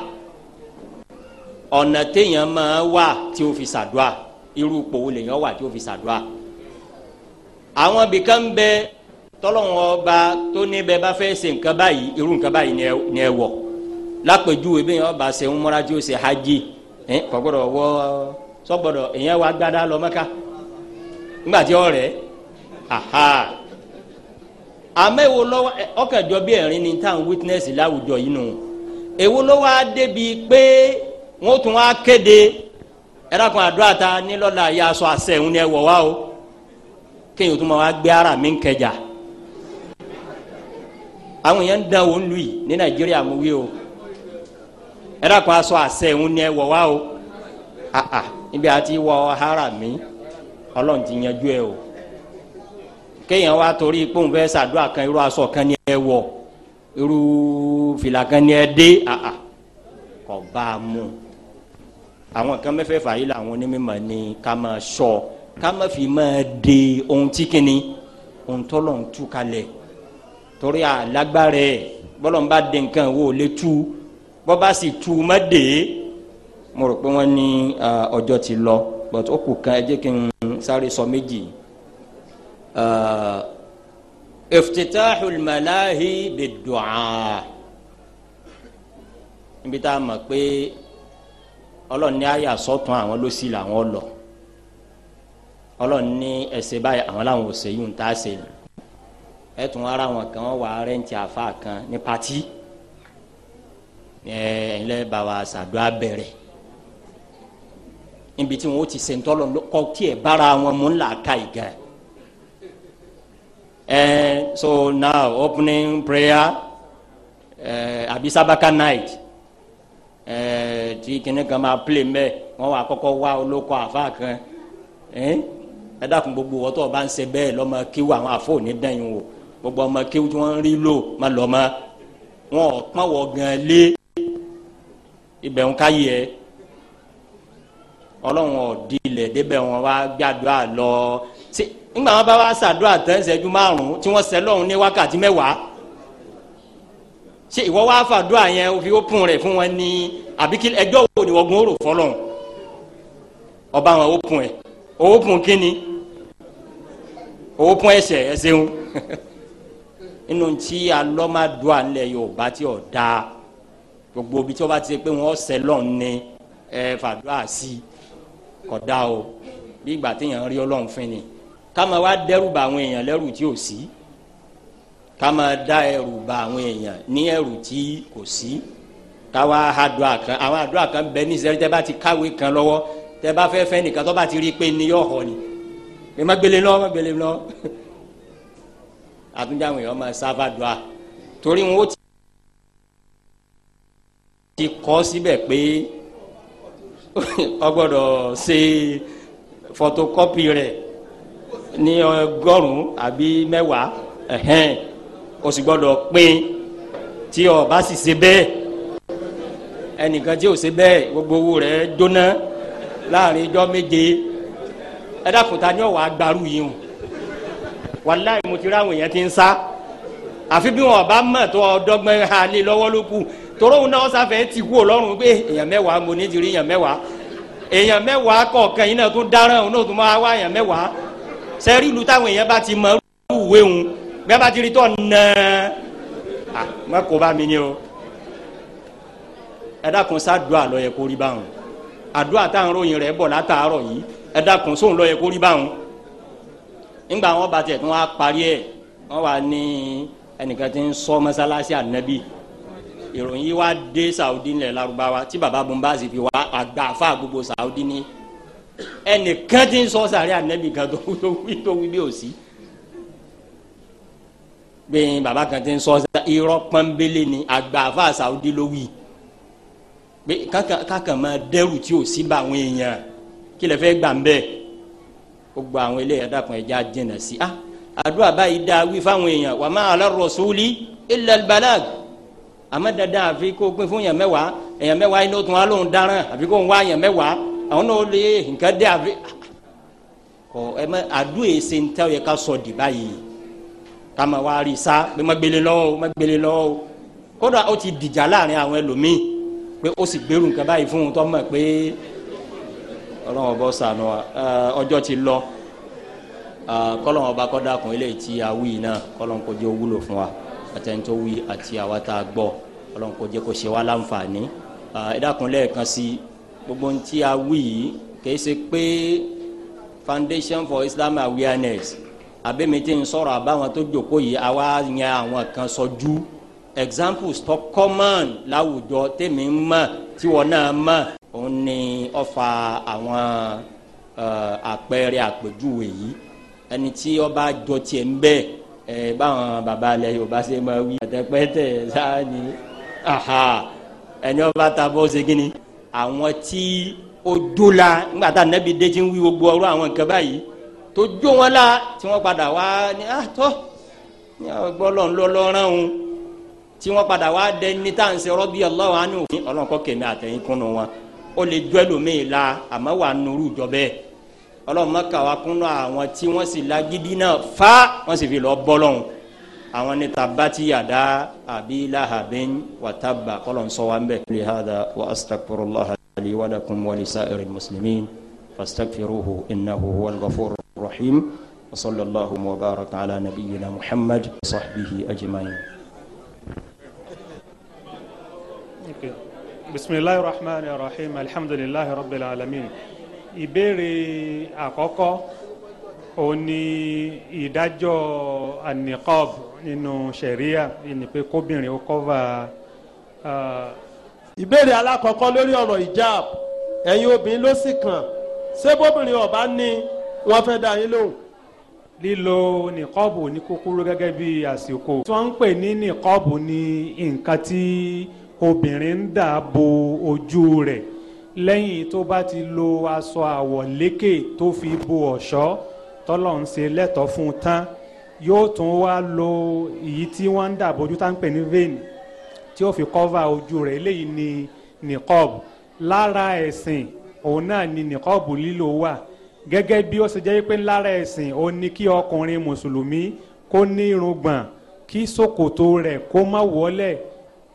ọ̀nà téèyàn máa wà tí ó fi ṣàdúrà irú ipò wo lèèyàn wà tí ó fi ṣàdúrà àwọn bìkan ń bẹ tọ́lọ́wọ́n ọba tó ní bẹ́ẹ̀ bá fẹ́ ṣe nǹkan báyìí irú nǹkan báyìí ni ẹ wọ̀ lápèjúwe bí yẹn ọba ṣe ń múra tí ó ṣe hajj Eh? ẹ kò gbọ́dọ̀ wọ sọgbọdọ wa gbada lọ mẹka ńgbà tí ọ rẹ aha amẹ́wo lọ́wọ́ ọkànjọ́ bí ẹ̀rín ni tá witness láwùjọ yìí nù èwo lọ́wọ́ á pé wọ́n tún á kéde ẹ̀rákùn àdúrà ta yà sọ àṣẹ o kéèyàn tún máa wá gbé ara mi ń kẹjà àwọn ń dán yìí ní Nàìjíríà o. ẹ dàkún aṣọ àṣẹ ń ní ẹ wọ̀ wá o àà ah, ah. níbi àti wọ ọ̀hárà mi ọlọ́run ti yanjú ẹ o kéèyàn wá torí pòun fẹ́ ṣàdúrà kan irú aṣọ kan ní ẹ wọ̀ irú fìlà kan ní ẹ dé àà ah, kò bá a mú àwọn kan mẹ́fẹ́ fàyè làwọn onímọ̀ ni ká máa sọ ká má fi máa de ohun tí kìíní ohun tọ́lọ̀ ń tú kalẹ̀ torí alágbára ẹ̀ bọ́lọ̀ ń bá de nǹkan wo lè tú bọ́ba sì tu má dé mo rò pé wọ́n ní ọjọ́ ti lọ but ó kù kan ẹ jẹ́ kí n sáré sọ méjì iftitāḥul malāhi bid-du'ā níbi tá a mọ̀ pé ọlọ́run ní àyà sọ́tún àwọn ló sì làwọn lọ ọlọ́run ní ẹsẹ̀ báyìí àwọn làwọn ò ṣe yìí ń tá ṣe ẹ̀ tún ara wọn kan wà rẹ́ǹtì àfa kan ní pati. ẹẹ ẹlẹ bawa sadua bẹ̀rẹ̀ níbi tí wọn ti se ntọlọ kọ tiẹ baara wọn mun la ka yi gan ẹẹ so now opening prayer ẹẹ abisabaka night ẹẹ ti kìnnì kan máa play mbẹ wọn wà kọ́kọ́ wá olóko afa kan ẹẹ ẹdàkùn gbogbo wọtọ bá ń ṣe bẹ́ẹ̀ lọmọ kíw àwọn àfọ ní o gbogbo ọmọ kíw tí wọn ń rí lò ma lọ mọ wọn ò gan lé. ibẹ̀ ń ká yẹ ọlọ́run ọ̀dí ilẹ̀ débẹ̀ wọn wá gbàdúrà lọ ṣe ńgbà wọn bá wá ṣàdúrà tán ìṣẹ́jú márùn-ún tí wọ́n ṣẹ lọ́run ní wákàtí mẹ́wàá ṣe ìwọ wá fàdúrà yẹn o fi ó pun rẹ̀ fún wọn ní àbí kí ẹjọ́ wo ni wọ́n gun ó rò fọlọ́run ọba wọn ó pun ẹ̀ ó pun kíni ó pun ẹsẹ̀ ẹsẹ̀ [laughs] ń inú tí alọ́màdúà ńlẹ̀ Yorùbá tí ọ̀ dáa gbogbo ibi tí wọ́n bá ti ṣe pé wọ́n ṣẹ lọ́n ní ẹ fàdúrà sí i kódà o bí ìgbà téèyàn rí ọlọ́run fún ni ká máa wá dẹ́rù bà àwọn èèyàn lẹ́rù tí ò sí ká máa dá ẹrù bà àwọn èèyàn ní ẹrù tí kò sí káwa àdúrà kan àwọn àdúrà kan bẹ ní ìṣẹ́rí tẹ́ bá ti káwé kan lọ́wọ́ tẹ́ bá fẹ́ fẹ́ nìkan tó bá ti rí i pé ni yóò họ ni ẹ má gbélé lọ má gbélé lọ [laughs] àtúndì àwọn èèyàn máa sáfà dùà torí wọn ó ti ti kọ́ síbẹ̀ pé ó gbọ́dọ̀ ṣe fọ́tòkọ́pì rẹ̀ ní ọgọ́rùn-ún àbí mẹ́wàá ẹ̀hẹ́n o sì gbọ́dọ̀ pín tí o bá sì ṣe bẹ́ẹ̀ ẹnìkan tí o ṣe bẹ́ẹ̀ gbogbo owó rẹ̀ jóná láàrin ijọ́ méje ẹ dákun ta ni ọ̀wọ́ agbaru yìí o wàláì mo ti rí àwọn èèyàn ti ń sá àfi bí wọn bá mọ̀ tó ọdọ́gbọ́n ha lé lọ́wọ́ ló kù tòróhùn náà sáfẹ́ ti kú ọlọ́run pé èèyàn mẹ́wàá mo ní ti rí èèyàn mẹ́wàá èèyàn mẹ́wàá kọ̀ọ̀kan yìí náà tún dáràn òun náà tún máa wá èèyàn mẹ́wàá sẹ́rí ìlú táwọn èèyàn bá ti mọ ìwé òun bí a bá ti rí tọ́ náà à má kó bá mi ní o ẹ dákun sá dùn àlọ́ yẹ kó rí báwọn àdúrà táwọn ròyìn rẹ̀ bọ̀ látàárọ̀ yìí ẹ dákun sóhun lọ́ yẹ kó rí báwọn nígbà wọn bá tiẹ̀ tí wọ́n á parí ẹ̀ wọ́n wà ní ẹnìkan tí ń sọ mọ́sálásí ànábì ìròyìn yìí wá dé Saudi nílẹ̀ Lárúbáwá tí baba bombazi fi wá àgbà àfa gbogbo Saudi ní ẹnìkan tí ń sọ sàrí ànẹ́bì kan tó wí tó wí bí ò sí bẹ́ẹ̀ baba kan tí ń sọ irọ́ pọ́nbélé ni àgbà àfa Saudi ló wí pé kákan máa dẹ́rù tí ò sí bá àwọn èèyàn kí lè fẹ́ gbà ń bẹ́ẹ̀ gbogbo àwọn eléyà dàpọ̀ ẹja jìnnà sí a ah, àdúrà báyìí dá wí fáwọn èèyàn wà má ala rasuli illa al balag àmọ́ dandan àfi kó pín fún yẹn mẹ́wàá èyàn mẹ́wàá inú tún á lóun dáràn àfi kó ń wá yẹn mẹ́wàá àwọn náà lè nǹkan dé àfi. kò ẹ mẹ àdúrà èsè ń tẹ́ ọ yẹ ká sọ dì báyìí ká máa wá rí sá pé má gbélé lọ́wọ́ o má gbélé lọ́wọ́ o kódà ó ti dìjà láàrin àwọn ẹlòmíì pé ó sì gbèrú nǹkan báyìí fún un tó mọ̀ pé ọlọ́run ọba sànù ọjọ́ ti lọ kọ́lọ́run ọba kọ́ dákun eléyìí tí a wí náà kọ́lọ́run kò jẹ́ ó wúlò fún wa àtẹnitó wí àti àwa tá a gbọ́ Ọlọ́run kò jẹ́ kó ṣe wá láǹfààní ẹ dákun lẹ́ẹ̀kan gbogbo ohun tí a wí yìí kìí ṣe pé foundation for Islam awareness abẹ́mìtì ń sọ̀rọ̀ àbáwọn tó jòkó yìí àwa yan àwọn kan sọjú examples tó common láwùjọ tèmi ń mọ̀ tí wọn náà mọ̀ òun ni ọfà àwọn àpẹẹrẹ àpèjúwe yìí ẹni tí ọba jọ tiẹ̀ ń bẹ́ẹ̀ ẹ báwọn baba alẹ yorùbá ṣe máa wí pẹtẹpẹtẹ sáàni aha ẹni ọba ta bọ ṣe kí ni àwọn tí ó jó la nígbà tá nẹbi dé ti ń wí gbogbo ọ̀rọ̀ àwọn nǹkan báyìí tó jó wọn la tí wọn padà wá ní àtọ ah, ní ọgbọlọ ńlọlọrán òun tí wọn padà wá dẹ ní tá à ń ṣe rọbì Ọlọ́run àánú òfin Ọlọ́run kọ kèmí àtẹyìn kúnnù wọn ó lè jọ ẹlòmíì la àmọ́ wà nùrù jọ bẹ́ẹ̀ ọlọ́run mọ́kà wa kúnnú àwọn tí wọ́n sì lágídí náà fa wọ́n sì fi lọ bọ́lọ́hún àwọn ní tabati yàda àbí lahabin wàtàbà kọ́lọ̀ ń sọ wa ń bẹ̀. lè hada wa astagfirullah ali wa lakum wa lisa irin muslimin fastagfiruhu innahu huwa al rahim wa sallallahu wa baraka ala nabiyyina muhammad wa sahbihi ajma'in. بسم الله الرحمن الرحيم الحمد لله رب العالمين ìbéèrè àkọ́kọ́ òun ni ìdájọ́ anikob nínú sẹ̀ríà ni pé kóbìnrin ó kọ́va. Uh, ìbéèrè alákọ̀ọ́kọ́ lórí ọ̀rọ̀ ìjáàb ẹ̀yin obìnrin ló sì kàn ṣé bóbìnrin ọ̀bá ní wọ́n fẹ́ dá yín lóhùn. lílo nìkọ́ọ̀bù ní kúkúrú gẹ́gẹ́ bí àsìkò tí wọ́n ń pè ní nìkọ́ọ̀bù ní nǹkan tí obìnrin ń dà bo ojú rẹ̀ lẹ́yìn tó bá ti lo aṣọ àwọ̀lékè tó fi bo ọ̀ṣọ́ tọ́lọ̀ ń ṣe lẹ́tọ̀ọ́ fún un tán yóò tún wá lo èyí tí wọ́n ń dàbójú tá ń pè ní vein tí ó fi kọ́va ojú rẹ̀ eléyìí ni niqab lára ẹ̀sìn òun náà ni niqab lílo wà gẹ́gẹ́ bí ó ṣe jẹ́ pé lára ẹ̀sìn ó ní kí ọkùnrin mùsùlùmí kó ní irùngbọ̀n kí ṣòkòtò rẹ̀ kó má wọlẹ̀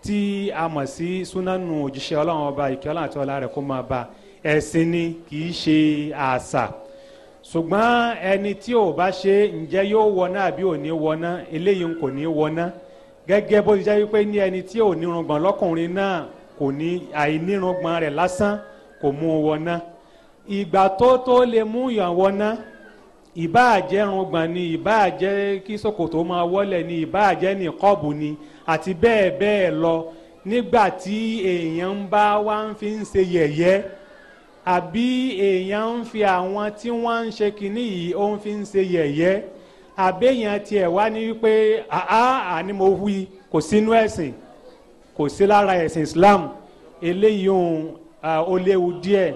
tí a mọ̀ sí súnánù òjíṣẹ́ ọlọ́run ọba ìkẹ́ ọlọ́run àti ọlá rẹ̀ kó máa bá ẹ̀sìn ni kì í ṣe àṣà ṣùgbọ́n ẹni tí ò bá ṣe ǹjẹ́ yóò wọná àbí ò ní wọná eléyìí kò ní wọná gẹ́gẹ́ bó ti jẹ́ wípé ní ẹni tí ò nírùngbọ̀n lọ́kùnrin náà kò ní àìnírùngbọ̀n rẹ̀ lásán kò mú un wọná ìgbà tó tó lè mú yàn wọná ìbáà jẹ́ ni ìbáà jẹ́ kí ṣòkòtò máa wọlẹ̀ ni ìbáà jẹ́ nìkọ́ọ̀bù ni àti bẹ́ẹ̀ bẹ́ẹ̀ lọ nígbà tí èèyàn ń bá wá ń fi ń ṣe yẹ̀yẹ́ àbí èèyàn ń fi àwọn tí wọ́n ń ṣe kinní yìí ó ń fi ń ṣe yẹ̀yẹ́ àbẹ́yàn tiẹ̀ wá ní wípé àá àní mo wí kò sínú ẹ̀sìn kò sí lára ẹ̀sìn Islam eléyìí ohun ó léwu díẹ̀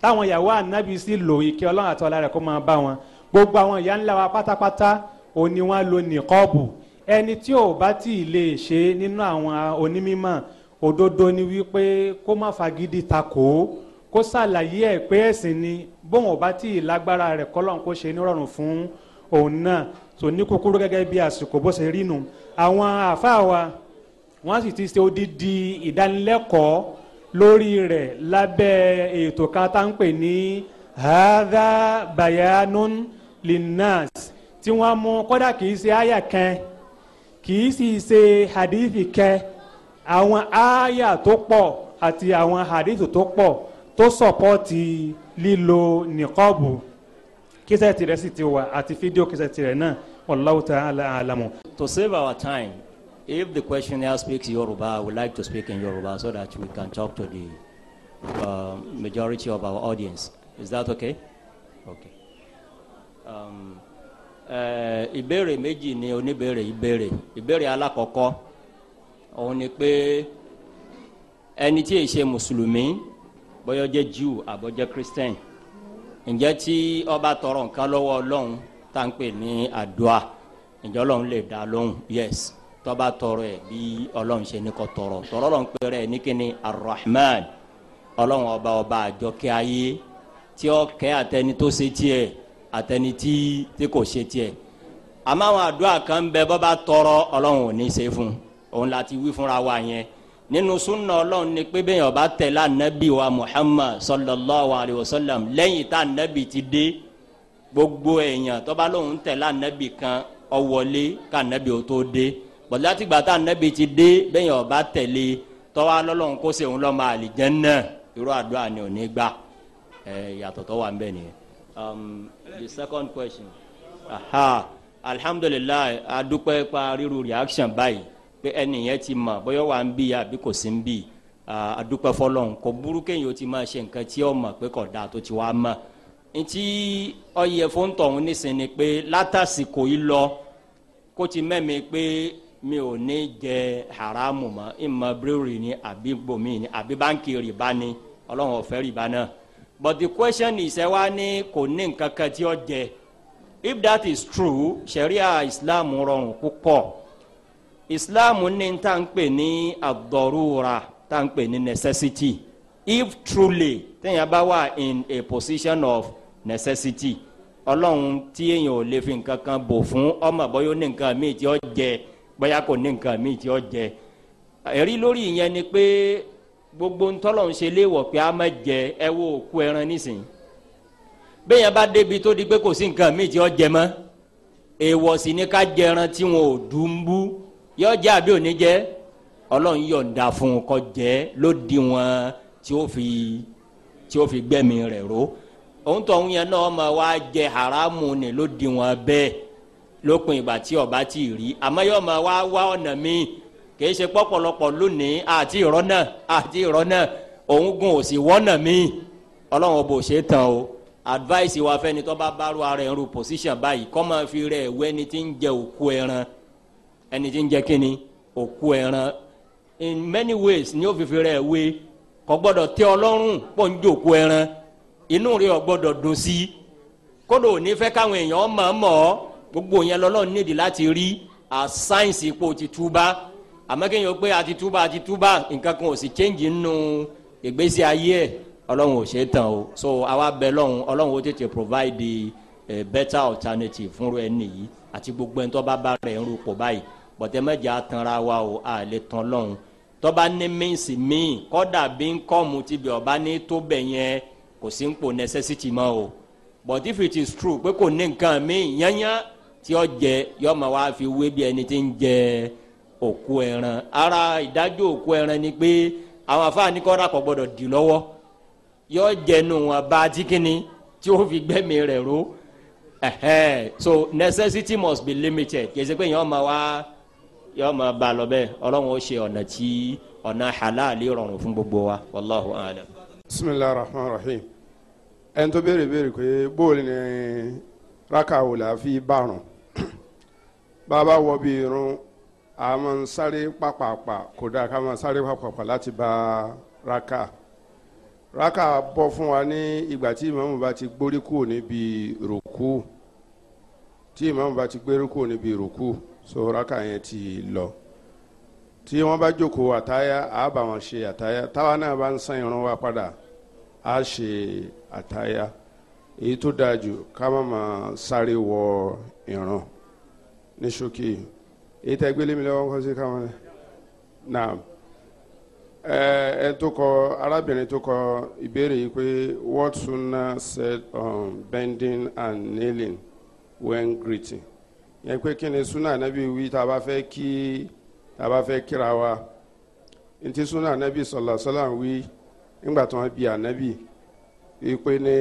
táwọn ìyàwó ànábì sì lò ìkẹ́ Ọlọ́run àti ọlá rẹ̀ kó máa bá wọn gbogbo àwọn ìyá ńlá wa pátápátá òun ni wọ́n lo nìkọ́ọ̀bù ẹni tí ò bá tí ì lè ṣe nínú àwọn onímọ̀ òdodo ni wípé kó má fagídí takò ó kó ṣàlàyé ẹ̀ pé ẹ̀sìn ni bóun ò bá tí ì lágbára rẹ̀ kọ́lọ́n kó ṣe nírọ̀rùn fún òun náà tó ní kúkúrú gẹ́gẹ́ bí àsìkò bó ṣe rí nù àwọn àáfàá wa wọ́n sì ti ṣe odidi ìdánilẹ́kọ̀ọ́ lórí rẹ̀ lábẹ́ ètò kan tá ń pè ní hadha bayanun linas tí wọ́n mú kódà kìí ṣe àyà kan kì í sì ṣe hadithi kẹ àwọn aya tó pọ̀ àti àwọn hadithi tó pọ̀ tó sọ̀pọ̀tì lílo nìkọ́ọ̀bù kíṣẹ́ tirẹ̀ sì ti wà àti fídíò kíṣẹ́ tirẹ̀ náà wallahu ta'ala alamu. to save our time if the questioner speaks Yoruba I would like to speak in Yoruba so that we can talk to the uh, majority of our audience is that okay okay. Um, Eh, ìbéèrè méjì ni oníbéèrè ìbéèrè ìbéèrè alákọ̀ọ́kọ́ òun ni pé ẹni tí èyí ṣe mùsùlùmí bóyá jẹ́ Jew àbọ̀jẹ́ Christian ǹjẹ́ tí ó bá tọrọ nǹkan lọ́wọ́ Ọlọ́run tá ń pè ní àdúà ǹjẹ́ Ọlọ́run lè dá lóhùn yes tó bá tọrọ ẹ̀ bí Ọlọ́run ṣe ní kó tọrọ tọrọ Ọlọ́run pé rẹ̀ ní kíni Ar-Rahman Ọlọ́run ọba ọba àjọkẹ́ ayé tí ó àtẹni tó ṣe tiẹ̀ àtẹni tí tí kò ṣe tiẹ̀ àmọ́ àwọn àdúrà kan bẹ bọ́ bá tọrọ ọlọ́run ò ní ṣe fún òun láti wí fúnra wa yẹn nínú súnà ọlọ́run ni pé bẹ́ẹ̀ ọba tẹ̀lé anabi wa muhammad sallallahu alayhi wa sallam lẹ́yìn tá anabi ti dé gbogbo èèyàn tó bá lóun tẹ̀lé anabi kan ọwọlé ká anabi ò tó dé bọ̀dé láti gbà tá anabi ti dé bẹ́ẹ̀ ọba tẹ̀lé tọ́wá lọ́lọ́run kó sèun lọ́mọ àlìjẹ́nnà irú àdúrà ni ò ní gbà ẹ̀ yàtọ̀ tó ń bẹ nìyẹn um, the second question. Aha. alhamdulilayi adúpẹ́ pa riru reaction báyìí pe ẹni yẹn ti mọ̀ bóyá wà ń bí àbí kò sí ń bí adúpẹ́ fọlọ́n kò burú kéèyàn ti máa ṣe nǹkan tí ó mọ̀ pé kò dáa tó ti wá mọ̀ ntí ọyẹ fún tọ̀hún nísìn ni pé látàsìkò yìí lọ kó ti mẹ́mi pé mi ò ní jẹ haramu mọ́ ìmọ̀ bírèrè ni àbí bòmí ni àbí báńkì rìbá ni ọlọ́run ọ̀fẹ́ rìbá náà but the question is ẹ wá ní kò ní nǹkan kan tí ó jẹ if that is true sharia islam rọrùn púpọ̀ islam ní tá n pè ní ad-darura tá n pè ní necessity if truly téèyàn bá wà in a position of necessity ọlọ́run tí èèyàn ò lè fi nǹkan kan bò fún ọmọ bọ́yọ́ ní nǹkan míì tí ó jẹ bóyá kò ní nǹkan míì tí ó jẹ ẹ̀rí lórí ìyẹn ni pé gbogbo ntọ́lọ̀ ń ṣe léwọ̀ pé a má jẹ ẹ wo òkú ẹran nísìnyí bẹ́ẹ̀ yẹn bá débi tó di pé kò sí nǹkan míì tí ó jẹ mọ́ èèwọ̀ sì ni ká jẹ ẹran tí wọn ò dùn bú yọ jẹ àbí òní jẹ ọlọ́run yọ̀ǹda fún un jẹ ló wọn tí ó fi tí ó fi gbẹ̀mí rẹ̀ ró òun tó ń yẹn náà ma wá jẹ haramu ni ló wọn bẹ́ẹ̀ lópin ìgbà tí ọba ti rí àmọ́ yọ ma wá wá ọ̀nà míì kìí ṣe pọ̀pọ̀lọpọ̀ lónìí àti ìrọ́ náà àti ìrọ́ náà òun gun òsì wọ́nà míì ọlọ́run bò ṣe tán o advice wa fẹ́ni tó bá bárò ara ẹ̀rù position báyìí kọ́ máa fi rẹ̀ ẹ̀wọ́ ẹni tí ń jẹ òkú ẹran ẹni tí ń jẹ kíni òkú ẹran in many ways ni ó fi fi rẹ̀ ẹ̀wé kò gbọ́dọ̀ tẹ́ ọlọ́run pọ̀ ń jẹ òkú ẹran inú rẹ̀ ò gbọ́dọ̀ dùn sí i kódò ní fẹ́ káwọn èèyàn mọ̀ ọ́ gbogbo yẹn lọ́lọ́run nídìí láti rí as signs ipò tìtúbà àmọ́kéyìn ó pé àti túbà àti túbà nǹkan kan ò sì change nínú ìgbésí ayé ẹ̀ ọlọ́run ò ṣe o so àwa bẹ lọ́run ọlọ́run ó tètè provide a better alternative fún ẹni yìí àti gbogbo ẹni tó bá bá rẹ̀ ń báyìí bọ̀tẹ́ mẹ́jà tanra wa o a lè tan lọ́run tó bá ní míǹsì míì kọ́dà bí ń kọ́mu ti bẹ̀ ọba ní tó bẹ̀ yẹn kò sí ń pò necessity mọ́ o but if it is true pé kò ní nǹkan míì yányá tí ó jẹ yọ́ọ́ máa wá fi wé bí ẹni tí ń jẹ ẹ́ òkú ẹran ara ìdájọ́ òkú ẹran ni pé àwọn afáàní kọ́ra kò gbọ́dọ̀ dì lọ́wọ́ yọ jẹnu wọn bá tí tí fi gbẹ́mí rẹ̀ ró so necessity must be limited kì í ṣe pé yẹn ọmọ wa yẹn ọmọ bá lọ bẹ́ẹ̀ ọlọ́run ó ṣe ọ̀nà tí ọ̀nà wa ala. bisimilahi rahim ẹni tó béèrè béèrè pé bóòlù ni fi bàrùn bàbá a máa ń sáré pàpàpà kódà ká máa sáré pàpàpà láti bá raka raka bọ́ fún wa ní ìgbà tí ìmáàmù bá ti gbórí kúrò níbi rùkú tí ìmáàmù bá ti gbórí kúrò níbi rùkú so raka yẹn ti lọ tí wọ́n bá jókòó àtáyá á bá wọn ṣe àtáyá táwa náà bá ń san irun wa padà á ṣe àtáyá èyí tó dáa jù ká má máa sáré wọ ìran ní ṣókè. èyí tẹ́ gbélé mi lọ́wọ́ nǹkan sí káwọn náà ẹ tó kọ arábìnrin tó kọ ìbéèrè what Sunna said on bending and kneeling when greeting yẹn pé kí ni Sunna Ànábì wí ba fẹ bá ta kí tá a wa nti Sunna anabi sọla alaihi wi wí nígbà tí wọ́n bi Ànábì wípé ní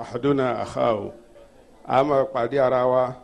ahaduna akhahu a pàdé ara wa.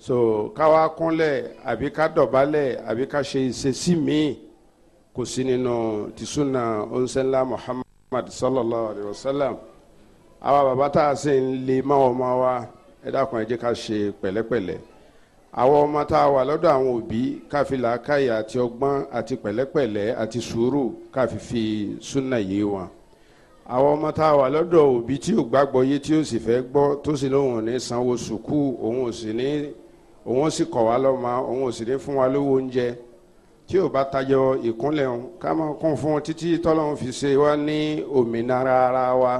so káwa kúnlẹ̀ àbí ká dọ̀bálẹ̀ àbí ká ṣe ìṣesí míì kò sí nínú tìṣúná onsenla muhammad sallallahu alayhi wa sallam àwa bàbá tá a sì ń lè máwọn ọmọ wa ẹ dákun ẹ jẹ́ ká ṣe pẹ̀lẹ́pẹ̀lẹ́ àwọn ọmọ tá a wà lọ́dọ̀ àwọn òbí ká fi làákàyè àti ọgbọ́n àti pẹ̀lẹ́pẹ̀lẹ́ àti sùúrù ká fi fi súnà yé wọn àwọn ọmọ tá a wà lọ́dọ̀ òbí tí ò gbàgbọ́ yé tí ó sì fẹ́ gbọ́ tó sì lóun ò ní sanwó sùkúù òun ò sì ní òun sì kọ̀ wá lọ́mọ òun ò sì ní fún wa lówó oúnjẹ tí ò bá tajọ ìkúnlẹ̀ òun ká máa kún fún títí tọ́lọ́run fi ṣe wá ní òmìnira ara wa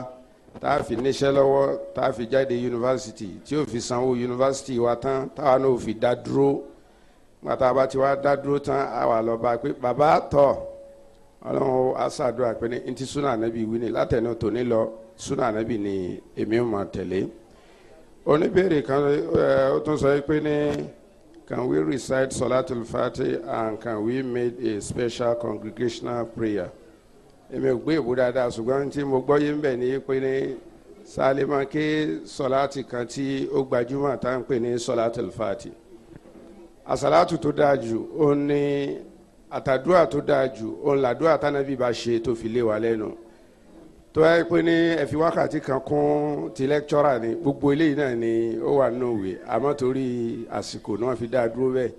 tá a fi níṣẹ́ lọ́wọ́ tá a fi jáde yunifásitì tí ò fi sanwó yunifásitì wa tán táwa náà ò fi dá dúró gbàtà bá ti wá dá dúró tán a lọ bá pé bàbá tọ̀ ọlọ́run á ṣàdúrà pé ní ntí súnà nàbì wí ni látẹ̀nu tòní lọ súnà nàbì ni èmi ò máa tẹ̀lé oníbèrè kan eh, ó tún sọ pé ní can we recite solatul fati and can we make a special congregational prayer èmi ò gbé èbú dáadáa ṣùgbọ́n tí mo gbọ́ yé ń bẹ̀ ní pé ní sálẹ́mà ké sọláàtì kan tí ó gbajúmọ̀ tá à pè ní solatul fati Asalatu tó dáa jù ó ní àtàdúrà tó dáa jù ó ń làdúrà tánàbí bá ṣe tó fi lé wa lẹ́nu. No tó yà pé ní ẹ fi wákàtí kan kún ti lẹ́kítọ́rà ni gbogbo eléyìí náà ni ó wà nínú ìwé àmọ́ torí àsìkò náà fi dá a dúró bẹ́ẹ̀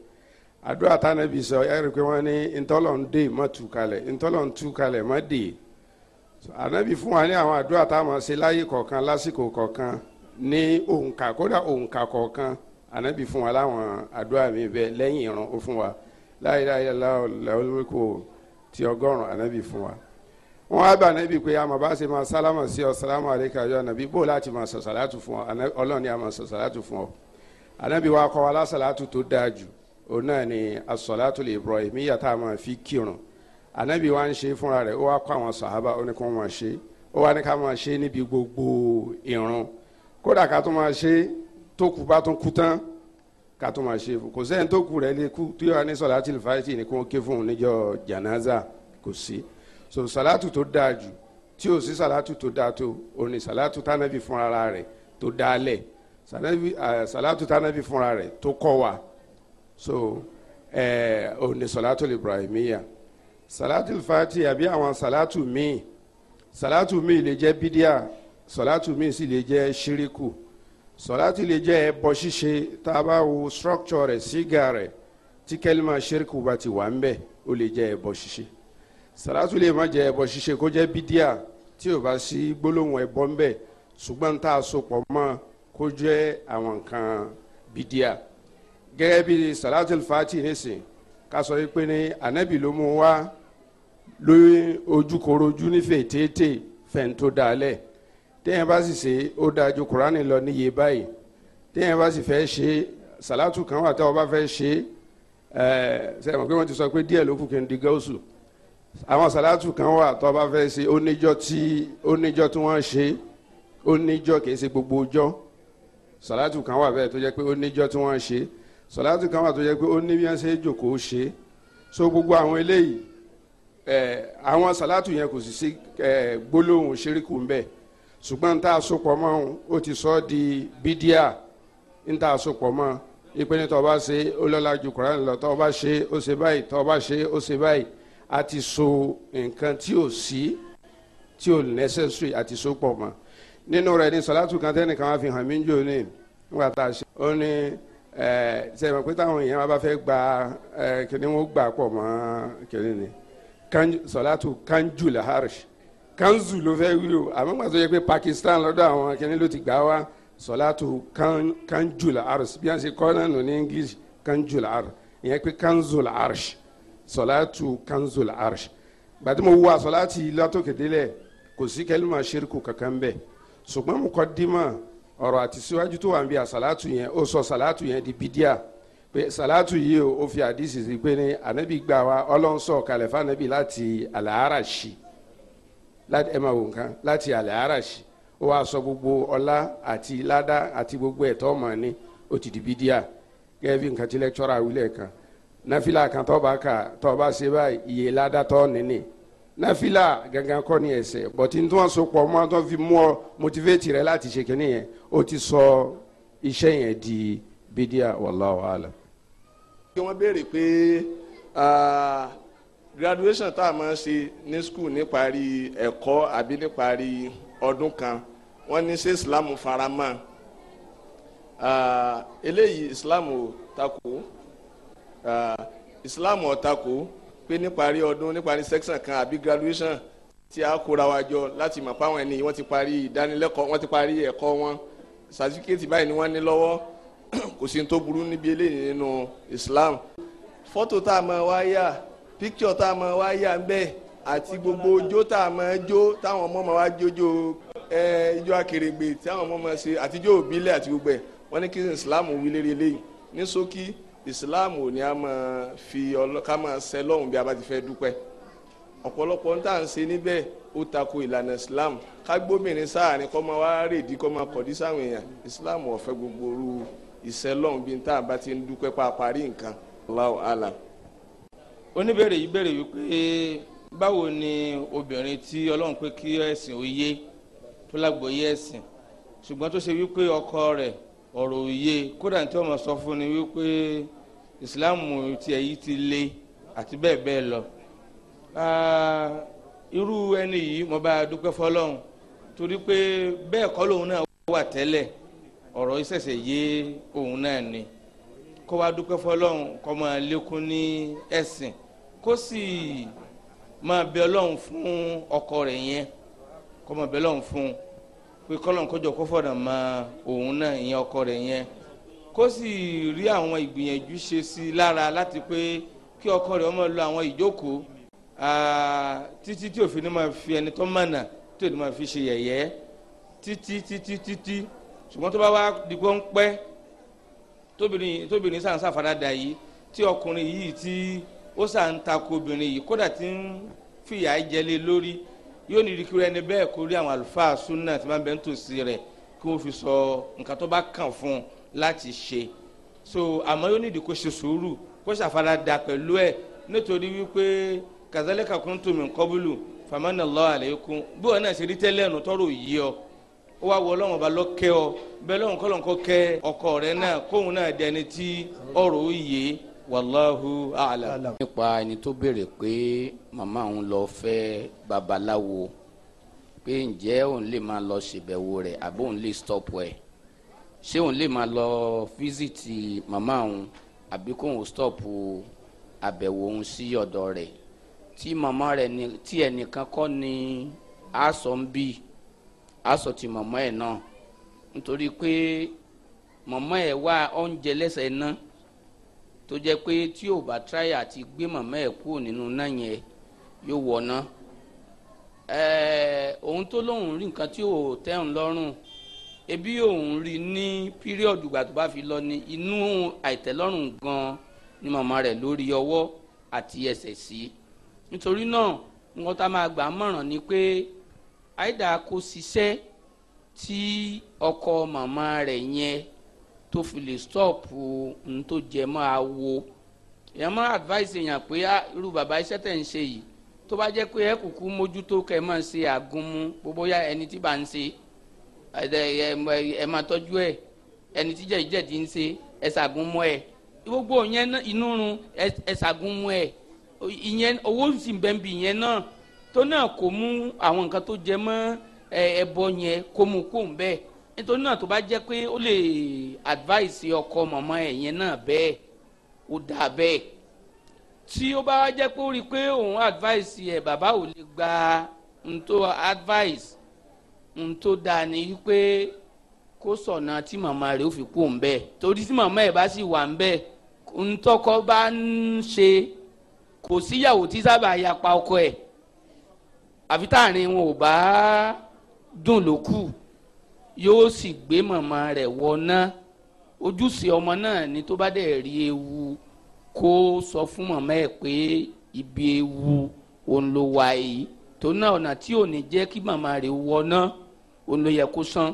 àdúrà tánàbí sọ ẹ rí i pé wọ́n ní ntọ́lọ̀ ń dè má tú kalẹ̀ ntọ́lọ̀ ń tú kalẹ̀ má dè ànábì fún wa ní àwọn àdúrà táwọn ṣe láyé kọ̀ọ̀kan lásìkò kọ̀ọ̀kan ní òǹkà kódà òǹkà kọ̀ọ̀kan ànábì fún wa láwọn àdúrà mi bẹ lẹ́yìn ìran ó fún wa láyé láyé láwọn lẹ́wọ́lẹ́wọ́ ti ọgọ́rùn-ún ànábì fún wa wọn á bá nàbí pé àmọ́ bá ṣe máa sálámà sí ọ sálámà àríkà yọ ànàbí bó láti máa sọ sàlátù fún ọ ọlọ́ọ̀ni á máa sọ sàlátù fún ọ ànàbí wa kọ́ wa lásàlátù tó dáa jù òun náà ni asọ̀látù lè bọ̀ èmi yàtá a máa fi kírun ànàbí wa ń ṣe fúnra rẹ̀ ó wá kọ́ àwọn sàhábà ó ní kó máa ṣe ó wá ní ká máa ṣe níbi gbogbo ìrun kódà ká tó máa ṣe tó kú bá tó kú tán ká tó máa ṣe kò sẹ́yìn tó kú rẹ̀ lè kú tí wọ́n so salatu tó dáa jù tí o sì salatu tó dáa tó o ní salatu tánàbí fúnra rẹ̀ tó dáa salatu tánàbí fúnra rẹ̀ tó kọ́ wa so ẹ o ní salatu ibrahimiya salatu fati àbí àwọn salatu míì salatu míì lè jẹ́ bídíà salatu míì sì lè jẹ́ ṣíríkù sọláàtì lè jẹ́ ẹbọ ṣíṣe tá a bá wo structure rẹ̀ sígà rẹ̀ tí kẹ́lí máa bá ti wà ń bẹ̀ ó lè jẹ́ ẹbọ ṣíṣe sàlátù lè má jẹ́ ẹbọ ṣíṣe kó jẹ́ bídíà tí ò bá sí gbólóhùn ẹbọ ń bẹ ṣùgbọ́n tá a so pọ̀ mọ́ kó jẹ́ àwọn nǹkan bídíà gẹ́gẹ́ bí sàlátù fati nìsín ká sọ pé ní ànábì ló mú wá lórí ojúkorojú nífẹ̀ẹ́ tètè fẹ̀ǹtó dalẹ̀ téèyàn bá sì ṣe ó dájú kúránì lọ níye báyìí téèyàn bá sì fẹ́ ṣe sàlátù kan wà tá a bá fẹ́ ṣe ẹ sẹ́yìn mọ̀ pé wọ́n ti sọ pé díẹ̀ ló kù kí n di gáúsù àwọn sàlátù kan wà tó bá fẹ́ ṣe oníjọ́ tí oníjọ́ tí wọ́n ṣe oníjọ́ kì í ṣe gbogbo ọjọ́ sàlátù kan wà bẹ́ẹ̀ tó jẹ́ pé oníjọ́ tí wọ́n ṣe sàlátù kan wà tó jẹ́ pé oní bí ṣe so gbogbo àwọn eléyìí ẹ̀ àwọn sàlátù yẹn kò sì sí ẹ̀ gbólóhùn ṣíríkù ń bẹ ṣùgbọ́n tá a sopọ̀ mọ́ ó ti sọ ọ́ di bídíà ń tá sopọ̀ mọ́ ìpínlẹ̀ tó o bá ṣe ó lọ́lá ju Kùránì lọ tó o bá ṣe ó ṣe báyìí tó o bá ṣe ó ṣe báyìí a ti so nǹkan tí o sí tí o necessary àti so pọ̀ mọ́ nínú rẹ̀ ní sọlátù kan tẹ́nìkan wá fi hàn mí jò ní nígbà tá a ṣe ó ní sẹ́yìn pé táwọn èèyàn bá fẹ́ gba kíní wọn gbà pọ̀ mọ́ kíní ni sọlátù kanjú laharish kanzu ló fẹ́ wí o àmọ́ gbà tó yẹ pé Pakistan lọ́dọ̀ àwọn kíní ló ti gbà wá sọlátù kanjú laharish bí wọ́n ṣe kọ́ náà nù ní English kanjú laharish ìyẹn pé kanzu laharish sọláàtù kanzul arsh gbàtí mo wá sọláàtì látòkèdélẹ̀ kò sí kẹlímà ṣírkù kankan bẹ́ẹ̀ ṣùgbọ́n mo kọ́ dímọ̀ ọ̀rọ̀ àti síwájú tó wà ń bí a sọláàtù yẹn ó sọ sọláàtù yẹn di bídíà pé sọláàtù yìí ó fi àdísì sí pé ní ànábì gbà wá ọlọ́nsọ̀ kalẹ̀ fànábì láti àlàáràṣì láti ẹ̀ máa wò nǹkan láti àlàáràṣì ó wàá sọ gbogbo ọlá àti ládá àti gbogbo ẹ̀tọ́ ọmọ ni ti di bídíà gẹ́gẹ́ bí nǹkan tí lẹ́kítọ́rà kan nafila kan tó bá ka tó bá ṣe báyìí nini nafila gangan kọ́ ni ẹ̀ṣẹ̀ bọ̀tí tó ń so pọ̀ mọ́ tó fi mú ọ motivate rẹ láti ṣe kínní yẹn ó ti sọ iṣẹ́ yẹn di bídíà wallahu alam. kí wọ́n béèrè pé graduation tá a máa ṣe ní school níparí ẹ̀kọ́ àbí níparí ọdún kan wọ́n ní ṣé islam faramọ́ eléyìí islam takò islam ọ̀tako pé níparí ọdún níparí section kan àbí graduation tí a kóra wa jọ láti mọ̀ páwọn ẹni wọ́n ti parí ìdánilẹ́kọ̀ọ́ wọ́n ti parí ẹ̀kọ́ wọn certificate báyìí ni wọ́n ní lọ́wọ́ [clears throat] kò sí tó burú níbi eléyìí nínú islam fọ́tò tá a máa wá yà picture tá a máa wá yà ń bẹ́ẹ̀ àti gbogbo ojó tá a máa jó táwọn ọmọ máa wá jójó ijó akèrègbè táwọn ọmọ máa ṣe àtijọ́ òbílẹ̀ àti gbogbo ẹ̀ wọ́n ní kí islam wí lérí eléyìí ní ṣókí. So islam ò ní a máa fi ká máa ṣe lọ́hùn bí a bá ti fẹ́ dúpẹ́ ọ̀pọ̀lọpọ̀ ń tà ń ṣe níbẹ̀ ó tako ìlànà islam ká gbóbìnrin sáàrin kọ́ máa wá rèdí kọ́ máa kọ̀dí sáwọn èèyàn islam ò fẹ́ gbogbo orú ìṣe lọ́hùn bí tá a bá ti ń dúpẹ́ pa parí nǹkan Allahu alam. oníbèrè yìí béèrè wípé báwo ni obìnrin tí ọlọ́run pé kí ẹ̀sìn ó yé tó lágbóyè ẹ̀sìn ṣùgbọ́n tó ṣe wípé ọkọ rẹ̀ ọ̀rọ̀ òye kódà tí wọ́n máa sọ fún ni wípé ìsìláàmù tiẹ̀ yìí ti le àti bẹ́ẹ̀ bẹ́ẹ̀ lọ irú ẹni yìí mo bá dúpẹ́ fọlọ́run torí pé bẹ́ẹ̀ kọ́ lòun náà wà tẹ́lẹ̀ ọ̀rọ̀ ìṣẹ̀ṣẹ̀ yé òun náà ni kó wá dúpẹ́ fọlọ́run kó máa lékún ní ẹ̀sìn kó sì máa bẹ ọlọ́run fún ọkọ rẹ̀ yẹn kó máa bẹ ọlọ́run fún un pé kọ́lọ̀ kọjọ kó fọ̀dà ma òun náà ìyẹn ọkọ rẹ̀ yẹn kó sì rí àwọn ìgbìyànjú ṣe sí i lára láti pé kí ọkọ rẹ̀ ọmọ lo àwọn ìjókòó títí tí òfin ni máa fi ẹni tó mọ̀nà tí òfin máa fi ṣe yẹ̀yẹ́ títí títí títí ṣùgbọ́n tó bá wá dìgbò ń pẹ́ tóbìnrin tóbìnrin sàn yìí tí ọkùnrin yìí tí ó sàn obìnrin yìí kódà tí ń fìyà jẹlé lórí yóò ní ìdíkiri ẹni bẹ́ẹ̀ kó rí àwọn àlùfáà súnà tí wọ́n bẹ ń tòsí rẹ̀ kí wọ́n fi sọ nǹkan tó bá kàn fún un láti ṣe so àmọ́ yóò ní ìdíkó ṣe sùúrù kó ṣàfaradà pẹ̀lú ẹ̀ nítorí wípé kazalika kuntum min qablu famana Allahu alaykum bí wọn náà ṣe rí tẹ́lẹ̀ ẹ̀nu tọ́rọ yìí ọ ó wá wọ ọlọ́run ọba lọ́kẹ́ ọ bẹ́ẹ̀ lọ́run kọ́lọ́n kọ́ kẹ́ ọkọ rẹ̀ náà kóun náà dẹni tí ọ̀rọ̀ yìí wàláhu àlà. nípa ẹni tó béèrè pé màmá òun lọ fẹ́ babaláwo pé ǹjẹ́ òun lè máa lọ ṣèbẹ̀wò rẹ̀ àbí òun lè stop ẹ̀ ṣé òun lè máa lọ fíṣítì màmá òun àbí kóun stop àbẹ̀wò òun sí ọ̀dọ̀ rẹ̀ tí màmá rẹ̀ ni tí ẹnìkan kọ́ ni aṣọ ń bì aṣọ ti màmá ẹ̀ náà nítorí pé màmá ẹ̀ wá oúnjẹ lẹ́sẹ̀ náà tó jẹ́ pé tí ò bá tíráyà àti gbé màmá ẹ̀ kúrò nínú náà yẹn yóò wọ̀ ná òun tó lóun rí nǹkan tí ò tẹ́hùn lọ́rùn ebi òun rí ní píríọ̀dù ìgbà tó bá fi lọ ní inú àìtẹ́lọ́rùn gan ni màmá rẹ̀ lórí ọwọ́ àti ẹsẹ̀ sí nítorí náà nǹkan tá a máa gbà mọ̀ràn ni pé àìdá kó ṣiṣẹ́ tí ọkọ màmá rẹ̀ yẹn tó fi lè stọ́ọ̀pù ohun tó jẹ mọ́ awo èèyàn máa advice èèyàn pé ah, irú bàbá iṣẹ́ tẹ̀ ń ṣe yìí tó bá jẹ́ pé ẹ kúkú mójútó kẹ́ ẹ máa ṣe àgúnmu gbogbo ya ẹni tí bá ń ṣe ẹ máa tọ́jú ẹ ẹni tí jẹ̀díjẹ̀dí ń ṣe ẹ ṣàgúnmu ẹ gbogbo yẹn inú run ẹ ṣàgúnmu ẹ ìyẹn owó sì bẹ́ẹ̀ bí ìyẹn náà tó náà kò mú àwọn nǹkan tó jẹ mọ́ ẹbọ yẹn kó mú kó ń bẹ́ẹ̀ nítorí náà tó bá jẹ́ pé ó lè advice ọkọ mọ̀mọ́ ẹ̀ yẹn náà bẹ́ẹ̀ ó dà bẹ́ẹ̀ tí ó bá jẹ́ pé ó rí i pé òun advice ẹ̀ bàbá ò lè gba ntó advice ntó da ni wípé kó sọ̀nà tí màmá rẹ̀ ó fi kú òun bẹ́ẹ̀ torí tí màmá ẹ̀ bá sì wà ń bẹ́ẹ̀ ntọ́kọ bá ń ṣe kò síyàwó tí sábà yapa ọkọ ẹ̀ àfi táàrin wọn ò bá dùn lókù yóò sì gbé màmá rẹ̀ wọná ojúṣe ọmọ náà ni tó bá dẹ̀ rí ewu kó sọ fún màmá e pé ibi ewu òun ló wà yìí tó náà ọ̀nà tí ò ní jẹ́ kí màmá rẹ̀ wọná òun ló yẹ kó san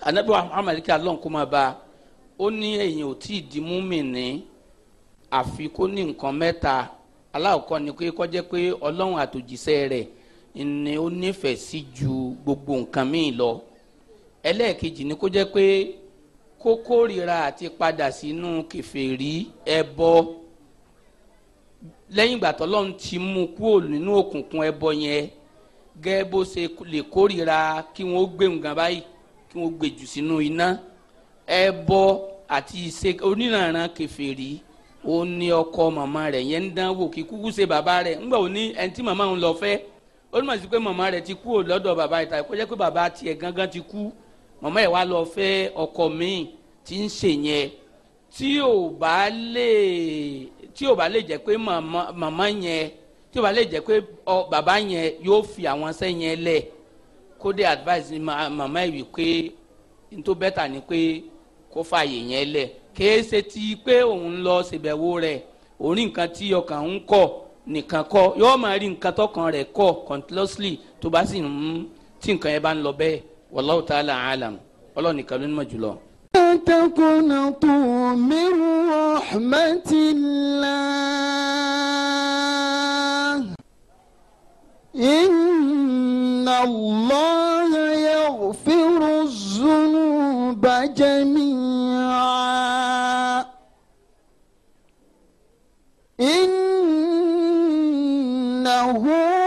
anabi muhammad kí alọ́n kó máa ba. a ó ní èyàn ò tí ì di múmìnì àfi kó ní nǹkan mẹ́ta aláwọ̀kọ́ ni pé kó jẹ́ pé ọlọ́run àtòjíṣẹ́ rẹ̀ ni ó nífẹ̀ẹ́ sí ju gbogbo nǹkan míì lọ ẹlẹ́ẹ̀kejì ni kó jẹ́ pé kó kórìíra àti padà sínú ẹbọ lẹ́yìn ìgbà tọ́lọ́run ti mú kúrò nínú òkùnkùn ẹbọ yẹn gẹ́gẹ́ bó ṣe lè kórìíra kí wọ́n gbé nǹkan báyìí kí wọ́n gbé jù sínú iná ẹbọ àti ìṣe oníranran kèfèrí ó ní ọkọ màmá rẹ̀ yẹn ń dánwò kí kúkú ṣe bàbá rẹ̀ ńgbà ó ní ẹni tí màmá òun lọ fẹ́ ó ní pé ti kú ò lọ́dọ̀ bàbá ìta kó jẹ́ pé bàbá ti kú. mọ̀mọ́ ẹ̀ wá lọ fẹ́ ọkọ míì tí ń ṣe yẹn tí ò bá lè tí ò bá lè jẹ́ pé màmá yẹn tí ò bá lè jẹ́ pé bàbá yẹn yóò fi àwọn ṣẹ́ yẹn lẹ̀ kó advice ni màmá ẹ̀ wí pé nítorí bẹ́tà ni pé kó fààyè yẹn lẹ̀ kèé ṣe ti pé òun lọ ṣèbẹ̀wò rẹ̀ òun rí nǹkan tí ọkàn ń kọ̀ nìkan kọ́ yóò máa rí nǹkan tọkàn rẹ̀ kọ̀ continuously tó bá sì ń tí nǹkan yẹn bá ń lọ bẹ́ẹ̀. والله تعالى عالم والله نكلم مجلو تكنطوا من رحمة الله إن الله يغفر الذنوب جميعا إنه